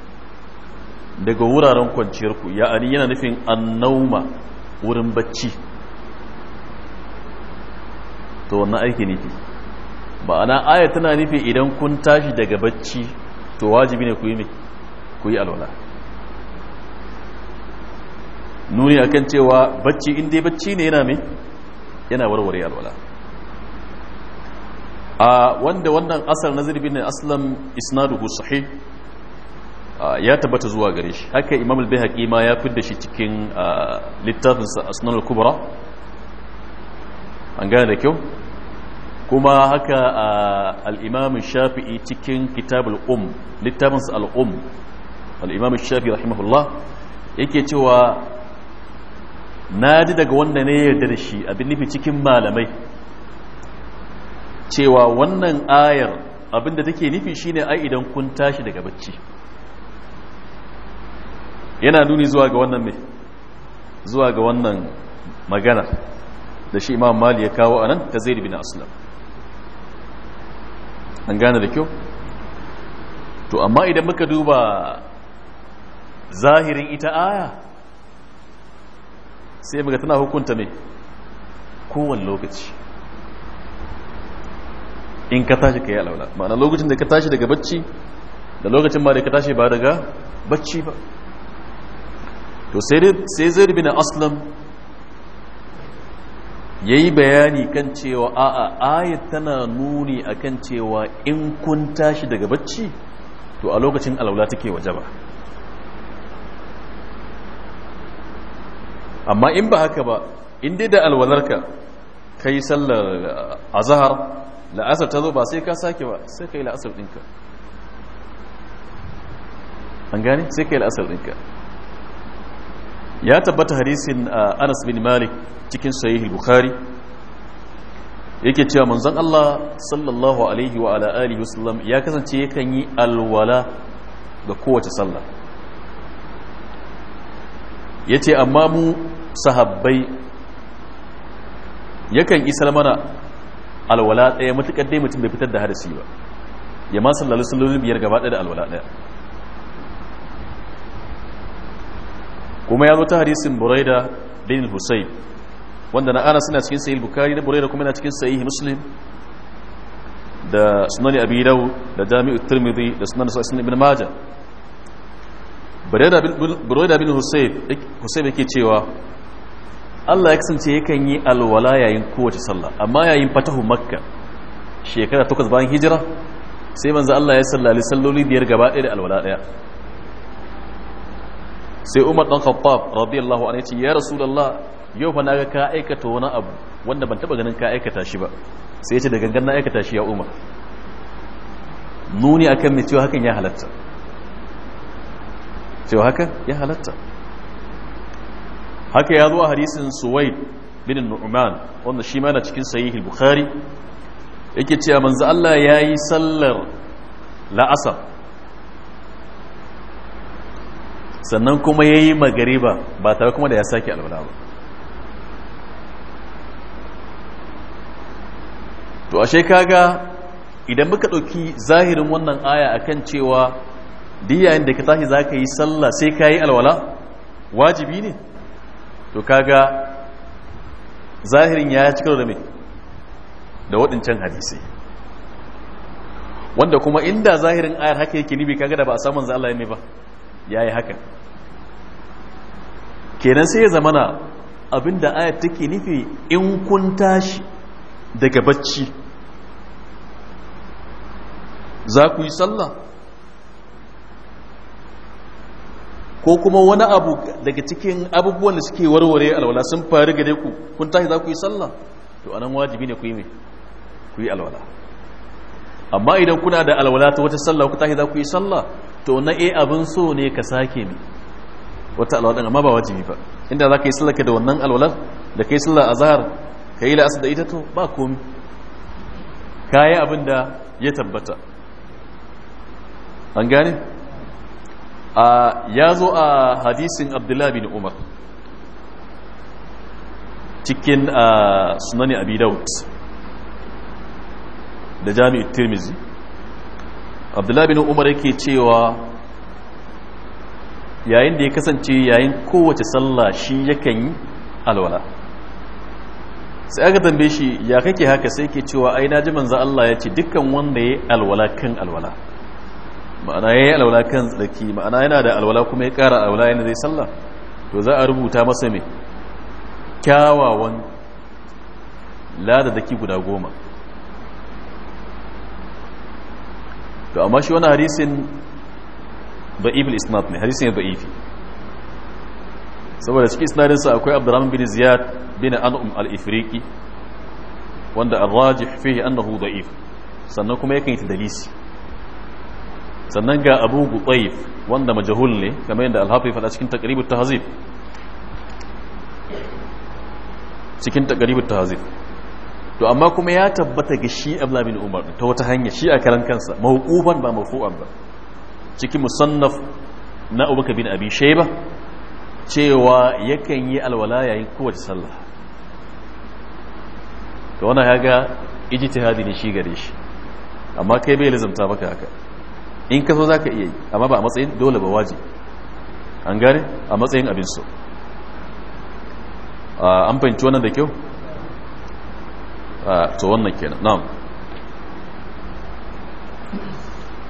daga wuraren kwanciyarku ani yana nufin annauma wurin bacci to wannan aiki nufi Ba'ana aya tana nufi idan kun tashi daga bacci to wajibi ne ku yi ku yi alwala nuni akan cewa bacci in dai bacci ne yana mai yana warware alwala a wanda wannan asar na ne aslam isnaduhu sahih ya tabbata zuwa gare shi haka imam al-bihaqi ma ya fidda shi cikin ah, littafinsa asnan al-kubra an gane da kyau kuma haka ah, al-imam shafi'i cikin kitab al-um sa al-um al-imam shafi'i rahimahullah yake cewa na daga wanda ne yarda da shi abin nufi cikin malamai cewa wannan ayar abinda take nufi shine ai idan kun tashi daga bacci yana nuni zuwa ga wannan mai zuwa ga wannan magana da shi imam mali ya kawo a nan ta zai na aslam an gane da kyau to amma idan muka duba zahirin ita aya sai muka tana hukunta mai kowane lokaci in ka tashi ka yi alaula ma'ana lokacin da ka tashi daga bacci da lokacin ma da ka tashi ba daga bacci ba to sai zai bin aslam ya yi bayani kan cewa a'a ayat tana nuni a kan cewa in kun tashi daga bacci to a lokacin alaula take waje ba amma in ba haka ba in dai da alwalarka kai sallar azahar la'asar ta zo ba sai ka sake ba sai ka yi la'asar dinka. an gane sai ka yi la'asar dinka. ya tabbata hadisin uh, anas bin malik cikin sahih bukhari yake cewa manzon Allah sallallahu alaihi wa ala alihi wasallam ya kasance yakan yi alwala ga kowace sallah yace amma mu sahabbai yakan isa mana alwala ɗaya matuƙar dai mutum bai fitar da hadisi ba ya ma sallallahu alaihi wasallam biyar gaba ɗaya da alwala ɗaya kuma ya zo ta hadisin buraida bin husayn wanda na ana suna cikin sahih bukhari da buraida kuma yana cikin sahih muslim da sunan abi dawud da jami'ut tirmidhi da sunan sa'id ibn majah buraida bin husayn husayn yake cewa Allah ya kasance yakan yi alwala yayin kowace sallah amma yayin fatahu makka shekara takwas bayan hijira sai manzo Allah ya sallali salloli biyar gaba ɗaya da alwala ɗaya sai umar dan khattab radiyallahu anhu yace ya rasulullah yau fa naga ka aikata wani abu wanda ban taba ganin ka aikata shi ba sai yace da gangan na aikata shi ya umar nuni akan me cewa hakan ya halatta cewa hakan ya halatta haka ya zo a hadisin suwaid bin nu'man wanda shi ma na cikin sahih bukhari yake cewa manzo Allah yayi sallar la'asar sannan kuma ya yi magari ba tare kuma da ya sake alwala ba to ashe kaga idan muka ɗauki zahirin wannan aya akan cewa diyayen da ka tashi za ka yi sallah sai ka yi alwala wajibi ne to kaga zahirin ya cikar da mai da waɗancan hadisai wanda kuma inda zahirin ayar haka yake nibi kaga da ba a samun za ya ne ba ya yi hakan kenan sai ya zamana abinda ayat take nufi in kun tashi daga bacci za ku yi sallah ko kuma wani abu daga cikin abubuwan da suke warware alwala sun faru gare ku kun tashi za ku yi sallah to anan wajibi ne ku yi mai ku yi alwala amma idan kuna da alwala ta wata sallah ku tashi za ku yi sallah to na e abin so ne ka sake ne wata alwala amma ba wajibi ba inda za ka yi sallaka da wannan alwalar da ka yi sallar zahar ka yi la'asar da ita to ba komi ka yi abin da ya tabbata an gane ya zo a hadisin abdullahi bin umar cikin sunani abi da Jami'in tirmizi abdullahi bin umar yake cewa yayin da ya kasance yayin kowace sallah shi yakan yi alwala sai aka tambaye shi ya kake haka sai ke cewa ai na ji manzo Allah ya ce dukkan wanda ya alwala kan alwala ma'ana ya yi alwala kan tsaki ma'ana yana da alwala kuma ya kara alwala yana zai sallah to za a rubuta masa mai kyawawan ladadaki guda goma to amma shi wani harisin da ibil isnad ne harisin da ifi saboda cikin isnadin sa akwai Abdurrahman bin Ziyad bin An'um al-Ifriqi wanda ar-rajih fihi annahu da'if sannan kuma yakan yi tadlisi sannan ga Abu Gutayf wanda majhul ne kamar yadda al-Hafiz faɗa cikin taqribut tahzib cikin taqribut tahzib to amma kuma ya tabbata ga shi Abdullahi bin umar ta wata hanya shi a karan kansa mawquban ba marfu'an ba cikin musannaf na abubakar bin abi shayba cewa yakan yi alwala yayin kowace sallah to wannan kaga ijtihadi ne shi gare shi amma kai bai lazumta baka haka in ka so zaka iya yi amma ba a matsayin dole ba waje an gane a matsayin abin so ah, an fahimci wannan da kyau a to wannan kenan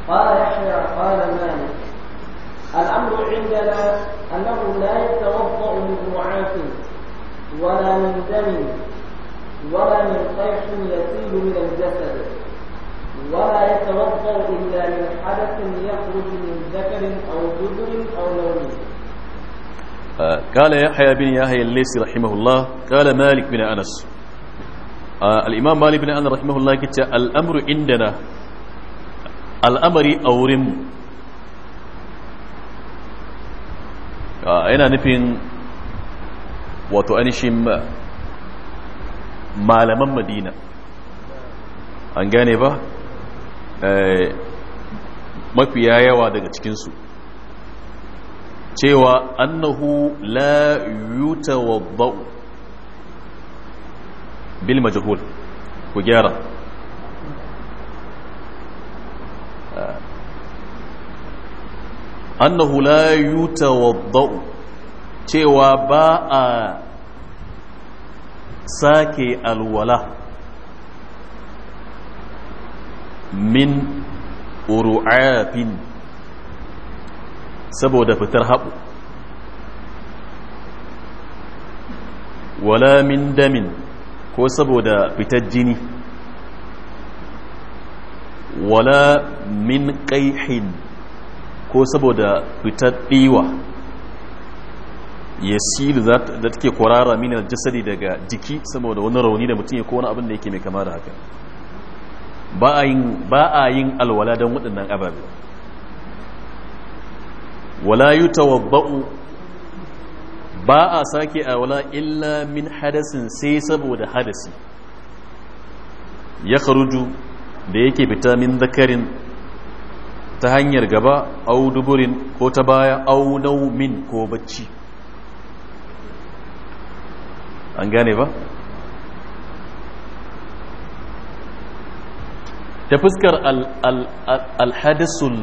قال يحيى قال مالك الامر عندنا انه لا يتوضا من معاف ولا من دم ولا من قيح يسيل من الجسد ولا يتوضا الا من حدث يخرج من ذكر او جدر او لون
آه، قال يحيى بن يحيى الليثي رحمه الله قال مالك بن انس al'imam mali bin an rahimahullah ke ce inda indana al'amari a wurinmu yana nufin wato ainihin malaman madina an gane ba mafiya yawa daga cikinsu cewa annahu la yuta wabba'u bil majhul ku gyara annahu la yutawaddau cewa ba a sake alwala min uru'afin saboda fitar haɓu wala min damin ko saboda fitar jini wala min ƙaihin ko saboda fitar ɗiwa ya silu za ta ke kwarara minar jasadi daga jiki saboda wani rauni da mutum ya kowane abin da yake mai kama da haka ba a yin alwala don waɗannan ababe wala yi tawabba'u ba a sake alwala illa min hadasin sai saboda hadasi ya kharuju da yake fita min zakarin ta hanyar gaba au duburin ko ta baya au naumin ko bacci an gane ba ta fuskar alhadisul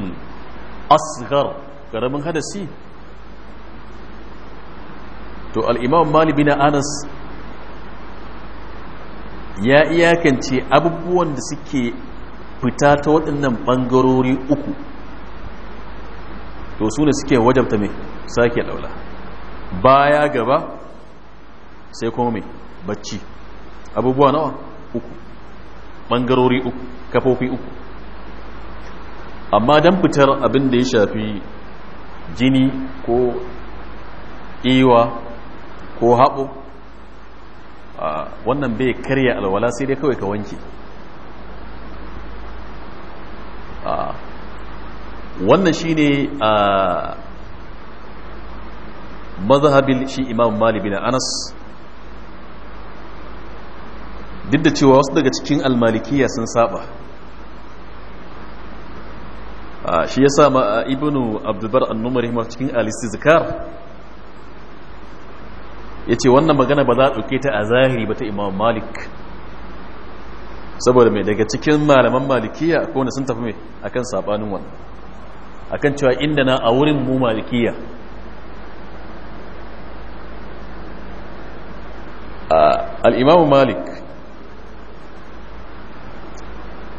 asghar karamin hadasi to al'imam malibi na anas ya iyakance abubuwan da suke fita ta waɗannan ɓangarori uku to su ne suke wajabta mai sake ɗaula baya gaba sai kuma mai bacci abubuwa nawa uku ɓangarori uku kafofi uku amma don fitar abin da ya shafi jini ko iwa ko haɓo wannan bai karya alwala sai dai kawai ka wanke wannan shi ne a mazhabin shi imam malibi na anas duk da cewa wasu daga cikin almalikiya sun saba shi ya sa ma Ibinu abdulbar annumar himar cikin alisti zikar ya ce wannan magana ba za a ɗauke ta a zahiri ba ta imam malik saboda mai daga cikin malaman malikiya ko kowane sun tafi mai a kan saɓanin wannan a kan cewa inda na a wurin mu malikiya al'imamu malik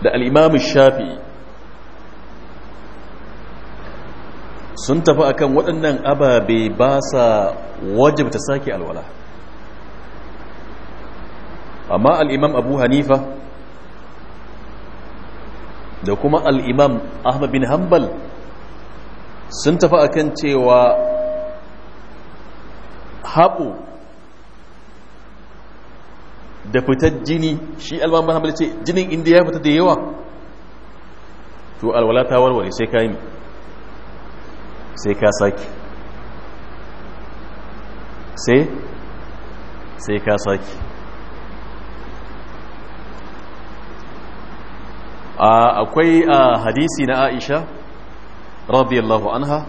da al'imamu shafi sun tafi akan waɗannan ababe ba sa ta sake alwala amma al'imam abu hanifa da kuma al'imam ahmad bin hanbal sun tafi akan cewa haɓo da fitar jini shi alman bin hanbal ce jinin inda ya fita da yawa to alwala ta warware sai kayi sai ka sake sai sai ka sake akwai hadisi na aisha radiyallahu anha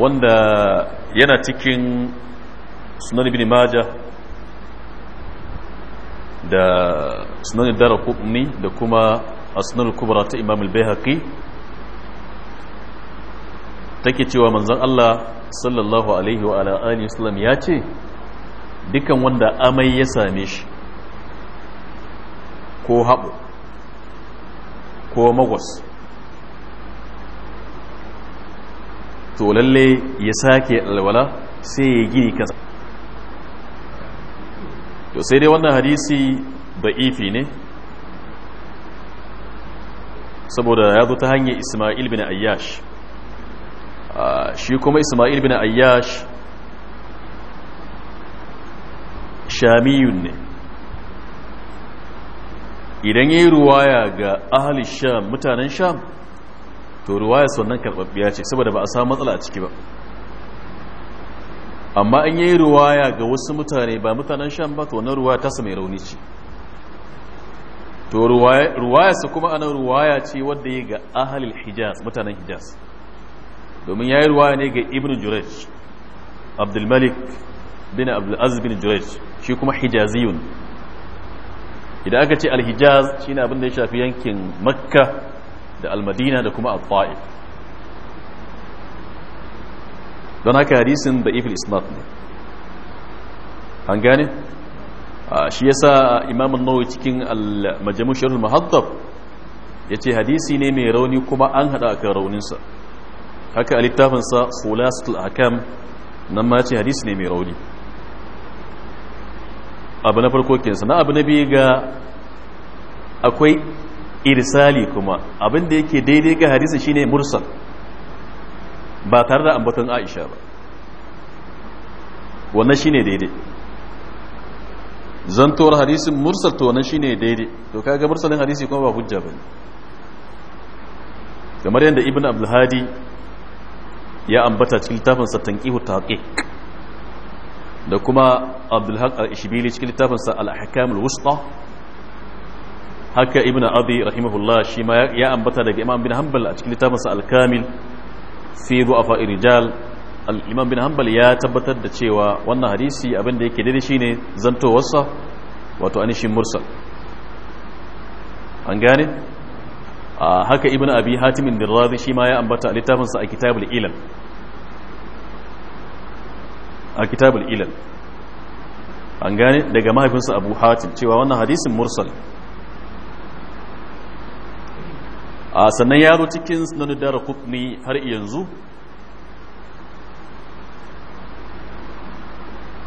wanda yana cikin sunan ibn majah da sunan dara kubni da kuma a sunan kubra ta imam al-bayhaqi take cewa manzon Allah sallallahu alaihi wa alihi wasallam ya ce dukan wanda amai ya same shi ko haɓo ko magwas to lalle ya sake alwala sai ya gini kasa to sai dai wannan hadisi ba'ifi ne saboda ya zo ta hanyar ismail bin ayyash shi kuma ismail bin ayyash shamiyun ne idan yi ruwaya ga ahli sham mutanen sham to ruwaya sannan karbabbiya ce saboda ba a samu matsala a ciki ba amma in yi ruwaya ga wasu mutane ba mutanen sham ba to wannan ruwaya tasa mai rauni ce to ruwaya su kuma ana ruwaya ce wadda yi ga ahalil hijaz mutanen hijaz domin ya yi ruwa ne ga ibn jurej abdulmalik bin abdulaziz bin jurej shi kuma hijaziyun idan aka ce alhijaz shi ne abin da ya shafi yankin makka da almadina da kuma al don haka hadisin da ifil isnad ne an gane shi yasa imam an cikin al-majmu' sharh al yace hadisi ne mai rauni kuma an hada akan rauninsa haka a littafinsa khulasatul akam nan ma ce hadisi ne mai rauni abu na farko kinsa na abu na biyu ga akwai irsali kuma abin da yake daidai ga hadisi shine mursal ba tare da ambaton aisha ba wannan shine daidai zantowar hadisin mursal to wannan shine daidai to kaga mursalin hadisi kuma ba hujja bane kamar yadda ibn abdul hadi ya ambata cikin littafinsa tanqihu tahqiq da kuma abdulhaq al-ishbili cikin littafinsa al-ahkam al-wusta haka ibnu abi rahimahullah shi ma ya ambata daga imam bin hanbal a cikin littafinsa al-kamil fi du'afa rijal al-imam bin hanbal ya tabbatar da cewa wannan hadisi abin da yake daidai shine zantowarsa wato anishin mursal an gane haka ibn abi bin nirrazi shi ma ya ambata a littafinsa a kitabul ilal a kitabul ilal an gane daga mahaifinsa abu hatim cewa wannan hadisin mursal a sannan yaro cikin sunan dara kutni har yanzu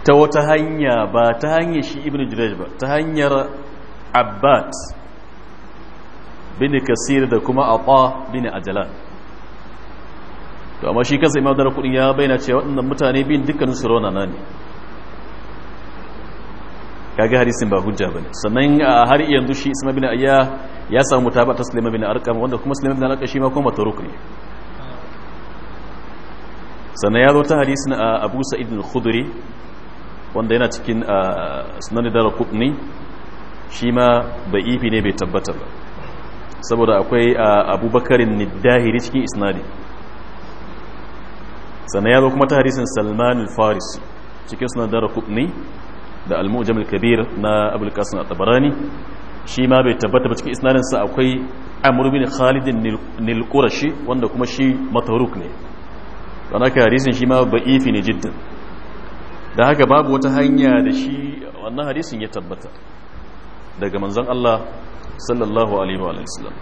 ta wata hanya ba ta hanyar shi ibn jiraj ba ta hanyar abbat bin kasir da kuma aqa bin ajalan to amma shi kansa imam darqudi ya bayyana cewa waɗannan mutane bin dukkanin su rawana ne kage hadisin ba hujja bane sannan har yanzu shi isma bin ayya ya samu mutaba taslima bin arqam wanda kuma muslim bin arqam shi ma kuma matruk ne sannan ya zo ta hadisin abu sa'id al-khudri wanda yana cikin sunan da shi ma ifi ne bai tabbata ba saboda akwai abubakarin niddahiri cikin isnadi sannan ya zo kuma ta hadisin salman al-faris cikin suna dara kubni da al-mujam al-kabir na abul qasim tabarani shi ma bai tabbata ba cikin isnadin sa akwai Amurbin bin Nilkurashi wanda kuma shi mataruk ne don haka hadisin shi ma ba'ifi ne jiddan da haka babu wata hanya da shi wannan hadisin ya tabbata daga manzon Allah sallallahu alaihi wa sallam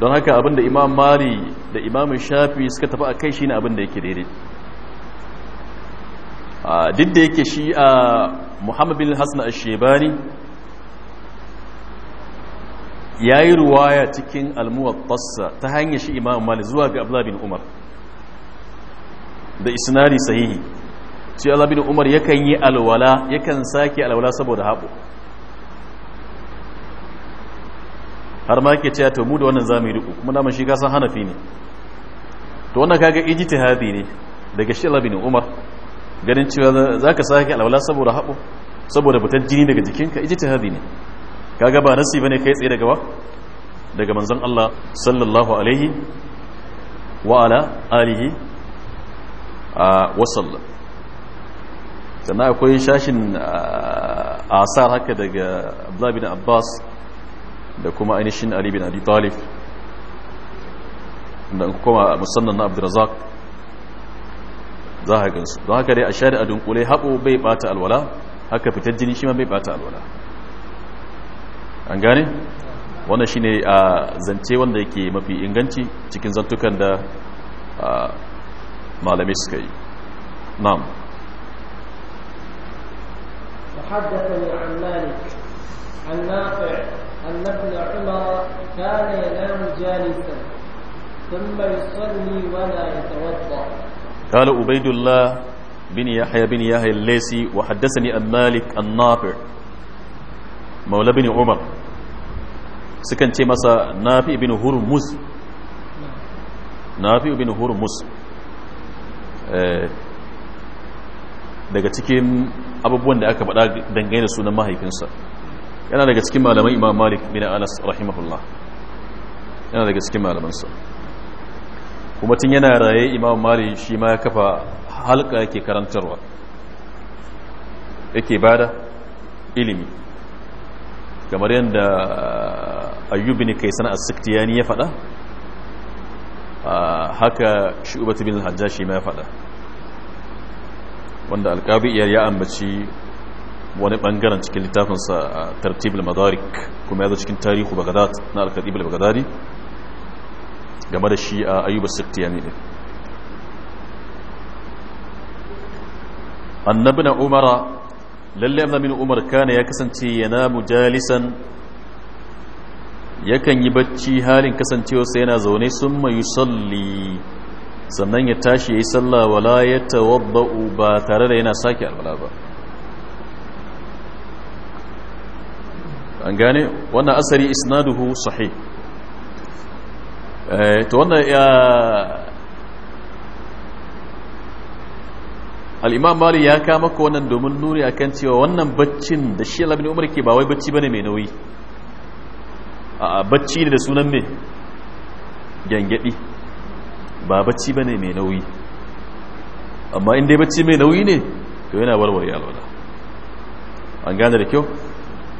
don haka abinda imam mari da imam shafi suka tafi a kai shine abinda yake daidai duk da yake shi a muhammad bin hassan ashebani ya yi ruwaya cikin almuwattasa ta hanyar shi imam mali zuwa ga abla bin umar da isnari sahihi sai abla bin umar yakan yi alwala yakan sake alwala saboda haɓo har ma yake cewa to mu da wannan zamu yi duku kuma naman shi ka san hanafi ne to wannan kaga ijtihadi ne daga Shila bin Umar ganin cewa zaka sake alwala saboda habo saboda butar jini daga jikinka ijtihadi ne kaga ba nasi bane kai tsaye daga wa daga manzon Allah sallallahu alaihi wa ala alihi wa sallam sannan akwai shashin asar haka daga Abdullah bin Abbas da kuma ainihin ali bin abi talib da kuma musannan na abdurazak za a gansu don haka dai a shari'a dunkule haɓo bai ɓata alwala haka fitar jini shi ma bai ɓata alwala an gane wannan shi ne a zance wanda yake mafi inganci cikin zantukan da malamai suka yi na'am
حدثني عن مالك عن نافع أن ابن عمر كان ينام جالسا ثم يصلي ولا يتوضأ
قال عبيد الله بن يحيى بن يحيى الليسي وحدثني عن مالك النافع مولى بن عمر sukan ce masa nafi ibn hurmuz nafi ibn hurmuz daga cikin abubuwan da aka faɗa dangane da sunan mahaifinsa yana daga cikin malaman imam malik bin anas rahimahullah yana daga cikin malamansa kuma tun yana raye imam malik shi ma ya kafa halka yake karantarwa yake bada ilimi kamar yadda uh, ayyubi ne kai sana'ar siktiyani ya fada uh, haka shi'ubatu bin hajjashi ma ya fada wanda alƙabi ya ambaci wani bangaren cikin littafinsa a tartibul madarik kuma ya zo cikin tarihu bagadat na alkatibul bagadari game da shi a ayyubar siktiyani ne annabi na umara lalle annabi umar kana ya kasance yana mujalisan yakan yi bacci halin kasancewarsa yana zaune sun mayu salli sannan ya tashi ya yi sallah wala ya ba tare da yana sake albala ba an gane wannan asari isnaduhu sahih eh, to wannan ya al'imam mali ya kama ko wannan domin nuri akan cewa wannan baccin da shi alabin umar ke ba wai bacci bane mai nauyi a bacci da sunan mai gyangyaɗi ba bacci bane mai nauyi amma inda bacci mai nauyi ne to yana warware alwala an gane da kyau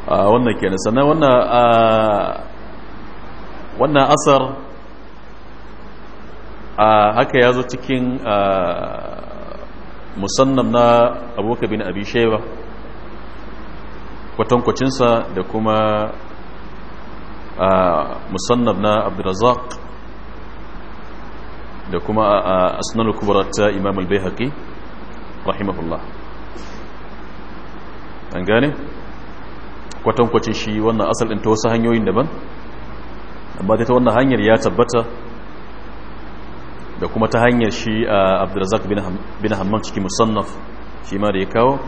wannan kenan sannan wannan wannan asar haka ya zo cikin musannam na abubakar bin abi shaiba kwatankwacinsa da kuma musannam na abdurazak da kuma asnal kubra ta imam al-bayhaqi rahimahullah an gane? kwatankwacin shi wannan asal ɗin ta wasu hanyoyin daban amma ta wannan hanyar ya tabbata da kuma ta hanyar shi a abdurazak bin hamman ciki musannaf shi ma da ya kawo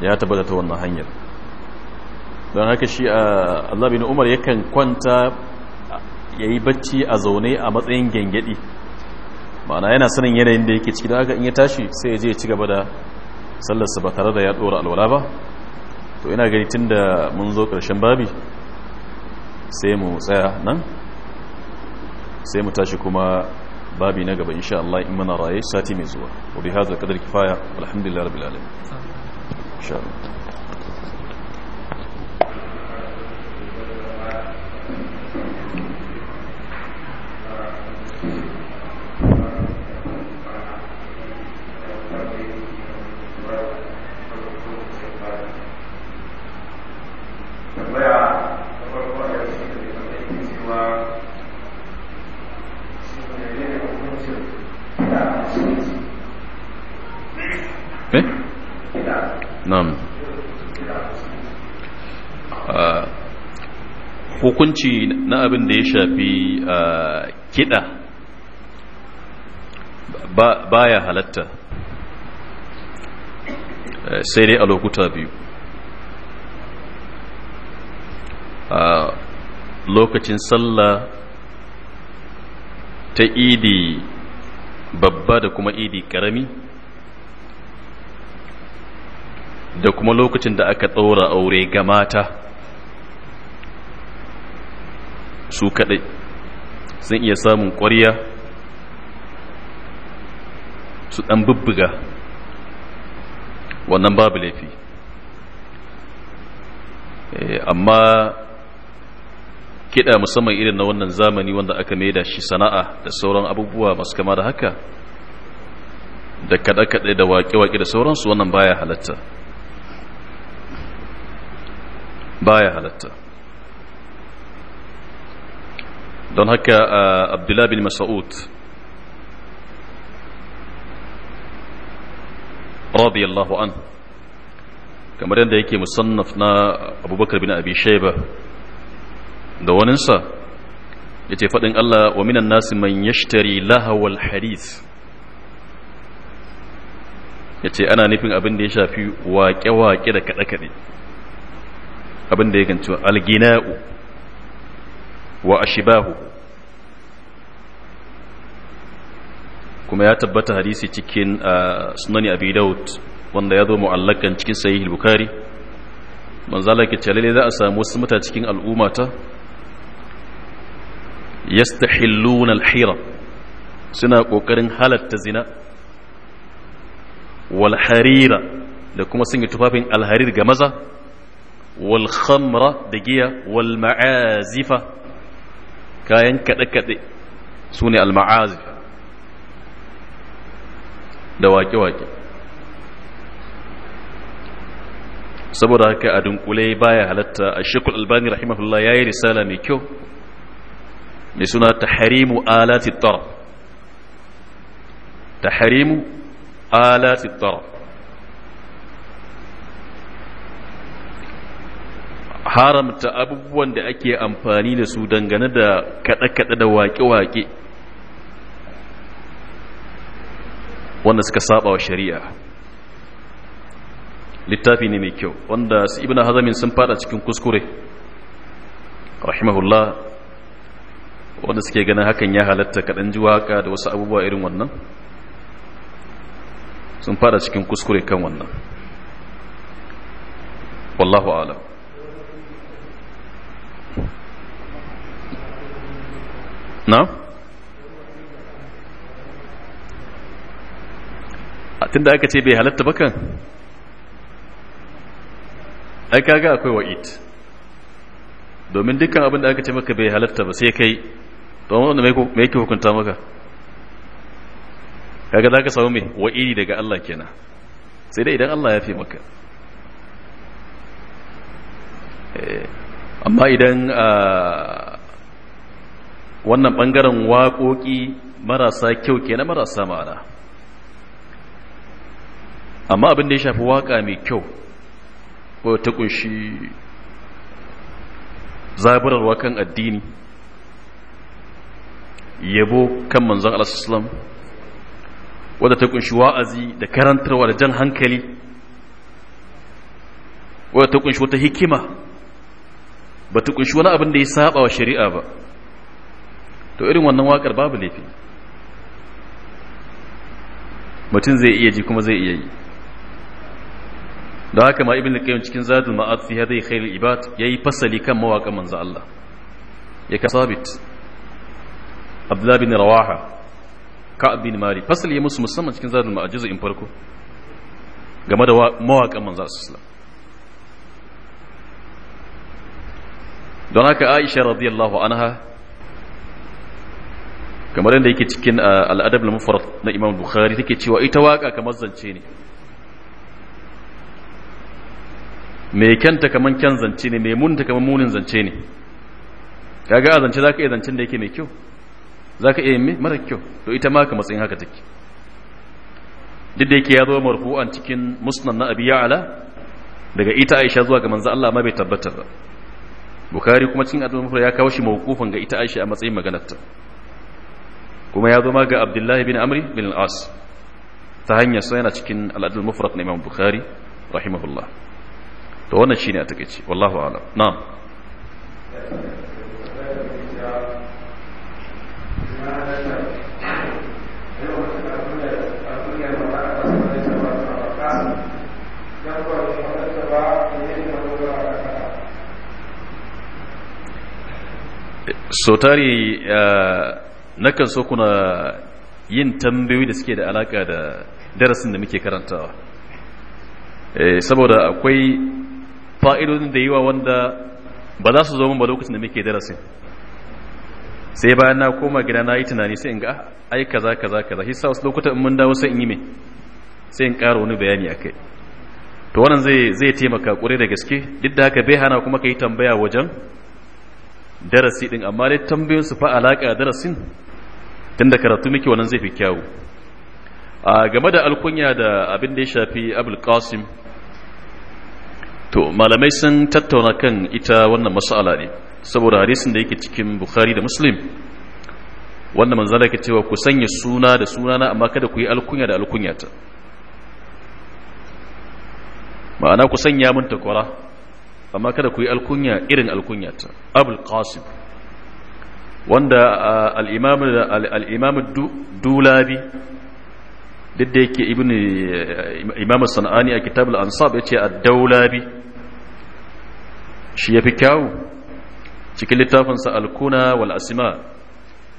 ya tabbata ta wannan hanyar don haka shi a allah bin umar yakan kwanta ya yi bacci a zaune a matsayin gengedi ma'ana yana sanin yanayin da yake ciki da haka in ya tashi sai ya je ya ci gaba da sallarsa ba tare da ya ɗora alwala ba to ina gani tun da mun zo ƙarshen babi sai mu tsaya nan sai mu tashi kuma babi na gaba insha Allah in muna raye sati mai zuwa wa bi qadar kifaya alhamdulillah rabbil alamin insha Allah nam ah, hukunci na abin da ya shafi ah, kiɗa ya halatta eh, sai dai a lokuta biyu a ah, lokacin sallah ta idi babba da kuma idi karami da kuma lokacin da aka ɗaura aure ga mata su kaɗai sun iya samun ƙwarya su ɗan bubbuga wannan babu laifi eh, amma kiɗa musamman irin na wannan zamani wanda aka maida shi sana'a da sauran abubuwa masu kama da haka da kaɗe-kaɗe da waƙe-waƙe da sauransu wannan baya halatta baya halatta don haka abdullah bin mas'ud radiyallahu an kamar yadda yake musannaf na abubakar bin abi shaiba da waninsa ya ce faɗin Allah wa minan nasi man yashtari lahawal hadith ya ce ana nufin abin da ya shafi waƙe-waƙe da kaɗe-kaɗe abin da ya ganci algina'u wa ashibahu kuma ya tabbata hadisi cikin uh, sunani abi daud wanda ya zo mu'allakan cikin sahih bukhari manzala ke cewa za a samu wasu mata cikin al'ummata yastahilluna alhira suna kokarin halatta zina wal harira da kuma sun yi tufafin alharir ga maza والخمرة دقية والمعازفة كاين كده سوني المعازفة دواكي واكي سبو داكا أدن قولي بايا هلت الشيخ الألباني رحمه الله ياي رسالة ميكيو لسنا تحريم آلات الطرب تحريم آلات الطرب haramta abubuwan da ake amfani da su dangane da kaɗe-kaɗe da waƙe-waƙe wanda suka saba wa shari'a littafi ne mai kyau wanda su ibina hazamin sun fada cikin kuskure rahimahullah wanda suke ganin hakan ya halatta kaɗan ji waka da wasu abubuwa irin wannan sun fada cikin kuskure kan wannan wallahu alam na a da aka ce bai halatta bakan ai kaga akwai wa'id domin dukkan abin da aka ce maka bai halatta ba sai kai don wanda mai yake hukunta maka kaga za ka samu mai wa'idi daga Allah kenan sai dai idan Allah ya fi maka eh, amma idan ah, wannan ɓangaren waƙoƙi marasa kyau ke na marasa ma'ana amma abin da ya shafi waƙa mai kyau ko ta ƙunshi zaburar kan addini yabo kan manzon al’asuslam wadda ta ƙunshi wa'azi da karantarwa da jan hankali wadda ta ƙunshi wata hikima ba ta ƙunshi wani abin da ya saba wa shari'a ba to irin wannan wakar babu laifi mutum zai iya ji kuma zai iya yi da haka ma ibn al-qayyim cikin zadul ma'ad fi hadhihi khayl ibad yayi fasali kan mawaka manzo Allah ya ka sabit abdullah bin rawaha ka'ab bin mari fasali ya musu musamman cikin zadul ma'ad juz'in farko game da mawaka manzo sallallahu don haka aisha radiyallahu anha kamar yadda yake cikin uh, al'adab al-mufrad na Imam Bukhari take cewa ita waka kamar zance ne mai kyanta kamar kyan zance ne mai munta kamar munin zance ne kaga a zance zaka iya zancen da yake mai kyau zaka iya mai mara kyau to ita ma ka matsayin haka take duk da yake ya zo marfu'an cikin musnad na Abi Ya'la daga ita Aisha zuwa ga manzo Allah ma bai tabbatar ba Bukhari kuma cikin adabul mufrad ya kawo shi mawqufan ga ita Aisha a matsayin maganarta ta kuma ya zo ma ga abdullahi bin amri bin al'as ta hanyar sa yana cikin al'adul mufrad na imam bukhari rahimahullah to wannan shine a takeice wallahu a'lam na'am so tari nakan so kuna yin tambayoyi da suke da alaka da darasin da muke karantawa eh, saboda akwai fa'idodin da yawa wanda ba za su zo min ba lokacin da muke darasin sai bayan na koma gida na yi tunani sai in ga ai kaza kaza kaza shi sa wasu lokuta in mun dawo sai in yi me sai in ƙara wani bayani a kai to wannan zai zai taimaka ƙure da gaske duk da haka bai hana kuma ka yi tambaya wajen darasi din amma dai tambayoyin su fa alaka darasin tunda karatu muke wannan zai fi kyawu a game da alkunya da abin da ya shafi abul qasim to malamai sun tattauna kan ita wannan mas'ala ne saboda hadisin da yake cikin bukhari da muslim wanda manzo da cewa ku sanya suna da sunana amma kada ku yi alkunya da alkunyata ma'ana ku sanya mun takwara amma kada ku yi alkunya irin alkunyata abul qasim wanda uh, al'imam dulabi duk da yake ibn uh, sana'ani a kitabul al'ansab ya ce a daulabi shi ya fi kyawu cikin littafinsa alkuna wal asima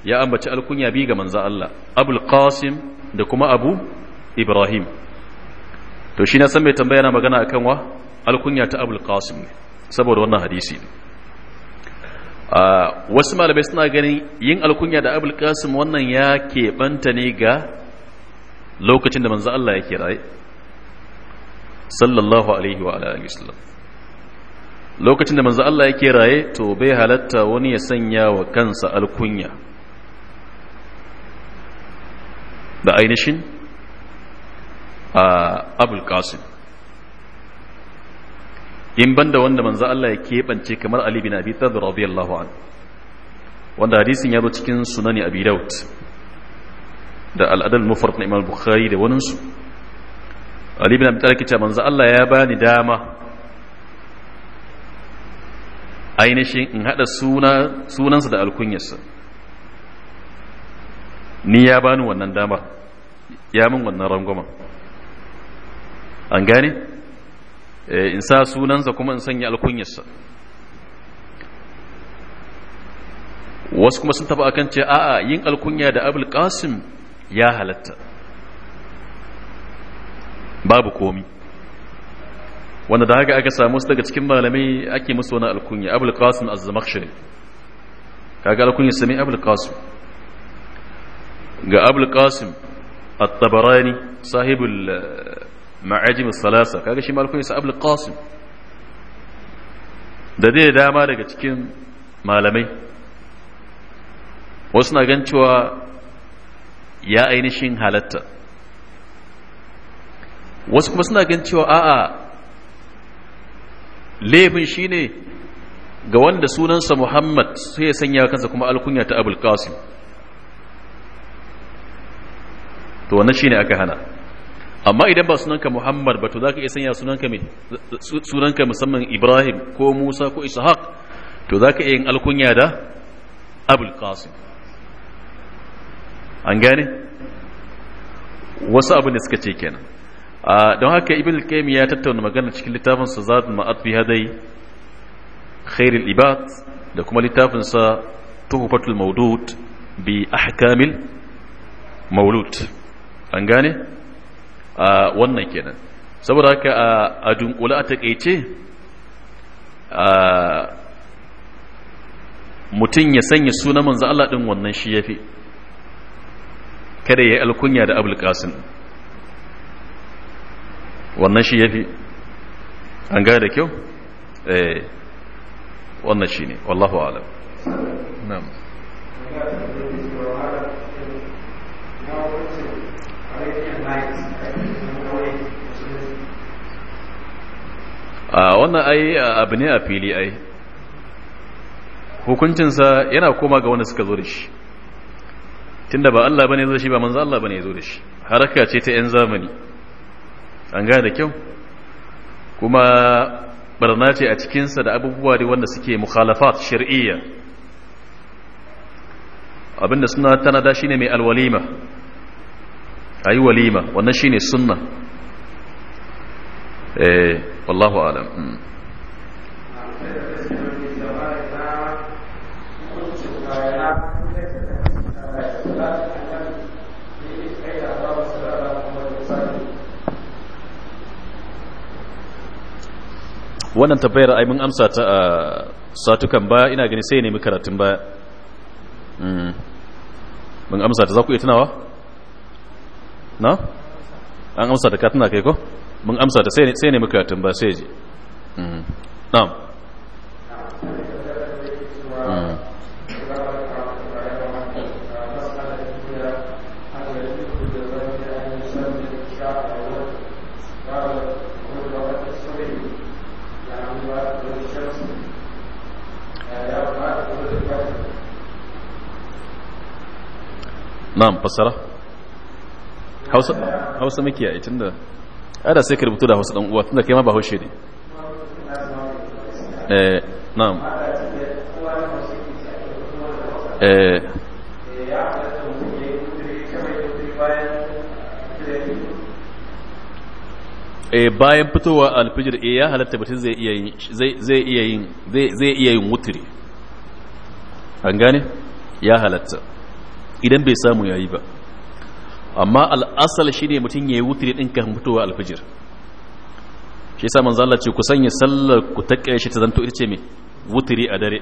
ya ambaci alkunya bi ga manza Allah abul qasim da kuma abu ibrahim to shi na san mai tambaya na magana akan kanwa alkunya ta abul qasim ne saboda wannan hadisi ne wasu malamai suna ganin yin alkunya da abul kasim wannan ya keɓanta ne ga lokacin da manzo Allah yake raye sallallahu alaihi wa alihi wasallam lokacin da manzo Allah yake raye to bai halatta wani ya sanya wa kansa alkunya da ainihin abul kasim in banda wanda manzo Allah ya keɓance kamar Ali bin Abi Talib radiyallahu an wanda hadisin ya zo cikin sunani Abi Dawud da al-Adl Mufrad na Imam Bukhari da wani su Ali bin Abi Talib ce manzo Allah ya bani dama ainihin in hada suna sunansa da alkunyarsa ni ya bani wannan dama ya min wannan rangwama an gane Eh, in sa sunansa kuma in sanya alkunyarsa wasu kuma sun taba akan ce a'a yin alkunya da abul qasim ya halatta babu komi wanda da haka aka samu su daga cikin malamai ake musu wani alkunya abul qasim az-zamakhshari kaga alkunya sami abul qasim ga abul qasim at-tabarani sahibul ma'ajim salasa kaga shi malikun isa abul qasim da dai dama daga cikin malamai wasu na gan cewa ya ainihin halatta wasu kuma suna gan cewa a'a laifin shine ga wanda sunansa muhammad sai ya sanya kansa kuma alkunya ta abul qasim to wannan shine aka hana amma idan ba sunanka muhammad ba to za ka iya sanya sunanka mai sunanka musamman ibrahim ko musa ko ishaq to za ka iya yin alkunya da abul qasim an gane wasu abu ne suka ce kenan don haka ibn qayyim ya tattauna magana cikin littafin sa zat ma'at fi hadai khairul ibad da kuma littafin sa tuhfatul mawdud bi ahkamil mawlud an gane wannan kenan saboda haka a dunkula a takaice mutum ya sanya suna manzan Allah din wannan shi ya fi kada ya yi alkunya da abul wannan shi ya fi an gaya da kyau eh wannan shi ne wallahu alam na'am a wannan ai abu ne a fili ai hukuncinsa yana koma ga wanda suka zo da shi tunda ba Allah bane zo da shi ba manzo Allah bane zo da shi haraka ce ta yan zamani an gane da kyau kuma barna ce a cikinsa da abubuwa da wanda suke mukhalafat shar'iyya abinda suna tana da shine mai alwalima a yi walima wannan shi ne sunna eh wallahu alam hmm. wannan tabbayar ai mun amsa ta a satukan ba ina gani sai ne mu karatun ba hmm. mun amsa ta za ku iya tunawa? na an amsa da katina kai ko mun amsa da sai ne muka tamba sai ji mm. na'am نعم فسره hausa hausa muke a tunda ada sai ka rubutu da hausa dan uwa tunda kai ma ba haushe ne eh na'am eh e bayan fitowa alfijir e ya halatta mutum zai iya yin zai iya yin zai iya yin wutri an gane ya halatta idan bai samu yayi ba amma al'asal shi ne mutum ya yi wutiri ɗin kan fitowa alfijir shi sa manzo Allah ce ku sanya sallar ku ta ƙarshe ta zanto ita ce me wutiri a dare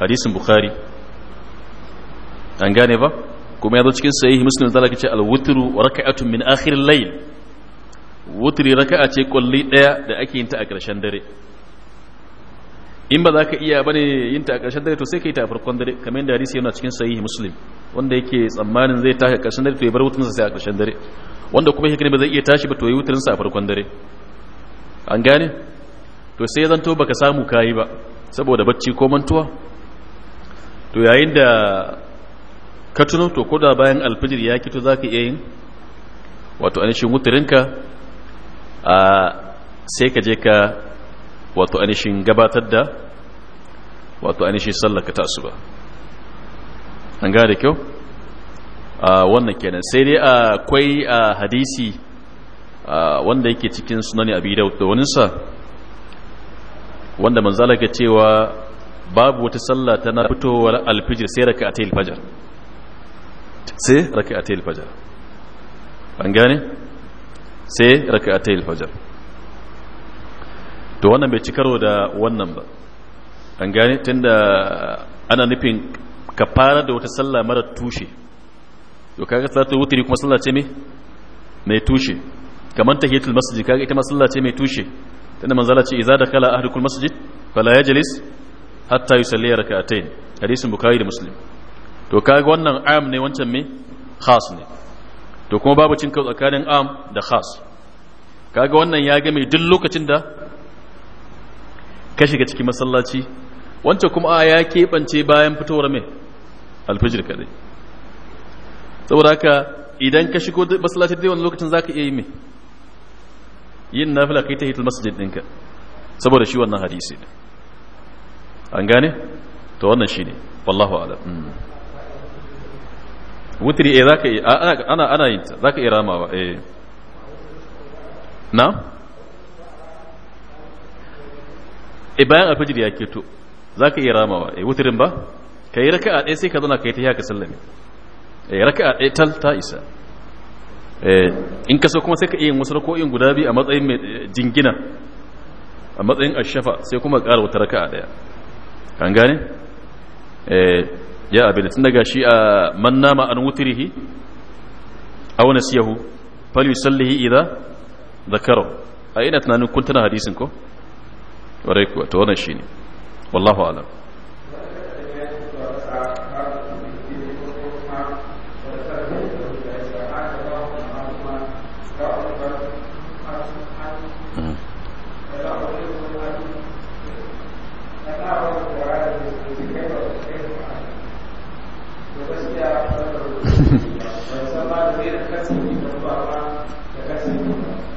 hadisin bukhari an gane ba kuma ya zo cikin sahihi muslim zalla kace al-wutru raka'atun min akhir al-layl wutri raka'a ce kulli daya da ake yin ta a ƙarshen dare in ba za ka iya bane yin ta a ƙarshen dare to sai ka yi ta a farkon dare kamar yadda hadisi yana cikin sahihi muslim wanda yake tsammanin zai tashi ƙarshen dare to ya bar wutunsa sai a ƙarshen dare wanda kuma yake ba zai iya tashi ba to ya wutunsa a farkon dare an gane to sai ya zanto baka samu kayi ba saboda bacci ko mantuwa to yayin da ka tuno to koda bayan alfijir ya kito za ka iya yin wato anishin wuturinka a sai ka je ka wato anishin gabatar da wato anishin sallaka ta asuba ba an da kyau wannan kenan sai dai akwai hadisi wanda yake cikin sunani abu daud da waninsa wanda manzala ga cewa babu wata sallah tana fitowar alfijir sai raka ta alfajar sai raka ta alfajar an gane sai raka ta alfajar to wannan bai ci karo da wannan ba an gane tun da ana nufin ka fara da wata sallah mara tushe to kaga salatul wutri kuma sallah ce me mai tushe kamar tahiyatul masjid kaga ita ma sallah ce mai tushe tunda manzala ce idza dakala ahadukum masjid fala yajlis hatta yusalli rak'atayn hadisin bukhari da muslim to kaga wannan am ne wancan me khas ne to kuma babu cin kau tsakanin am da khas kaga wannan ya ga mai duk lokacin da ka shiga cikin masallaci wancan kuma a ya keɓance bayan fitowar mai alfijir kadai saboda haka idan ka shigo masallacin dai wani lokacin zaka iya yi mai yin nafila kai ta hitul masjid ɗinka saboda shi wannan hadisi ne an gane to wannan shi ne wallahu alam mm. wutiri eh zaka yi ana ana yin ta zaka iya ramawa eh na eh bayan alfajir ya keto zaka iya ramawa eh wutirin ba ka yi raka'a ɗaya sai ka zauna ka yi ta ka sallame eh raka'a ɗaya tal ta isa eh, in ka so kuma sai ka iya wasu rako'in guda biyu a matsayin mai eh, jingina a matsayin ashafa sai kuma ƙara wata raka'a ɗaya an gane eh, ya abin tun daga shi a ah, man nama an wutirihi aw nasiyahu fal yusallihi idza dhakarahu a ina tunanin kun tana hadisin ko ware ku to wannan shine wallahu a'lam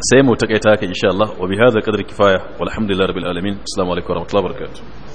sai mu takaita haka insha Allah wa bi hadha qadri kifaya walhamdulillahi rabbil alamin assalamu alaikum warahmatullahi wabarakatuh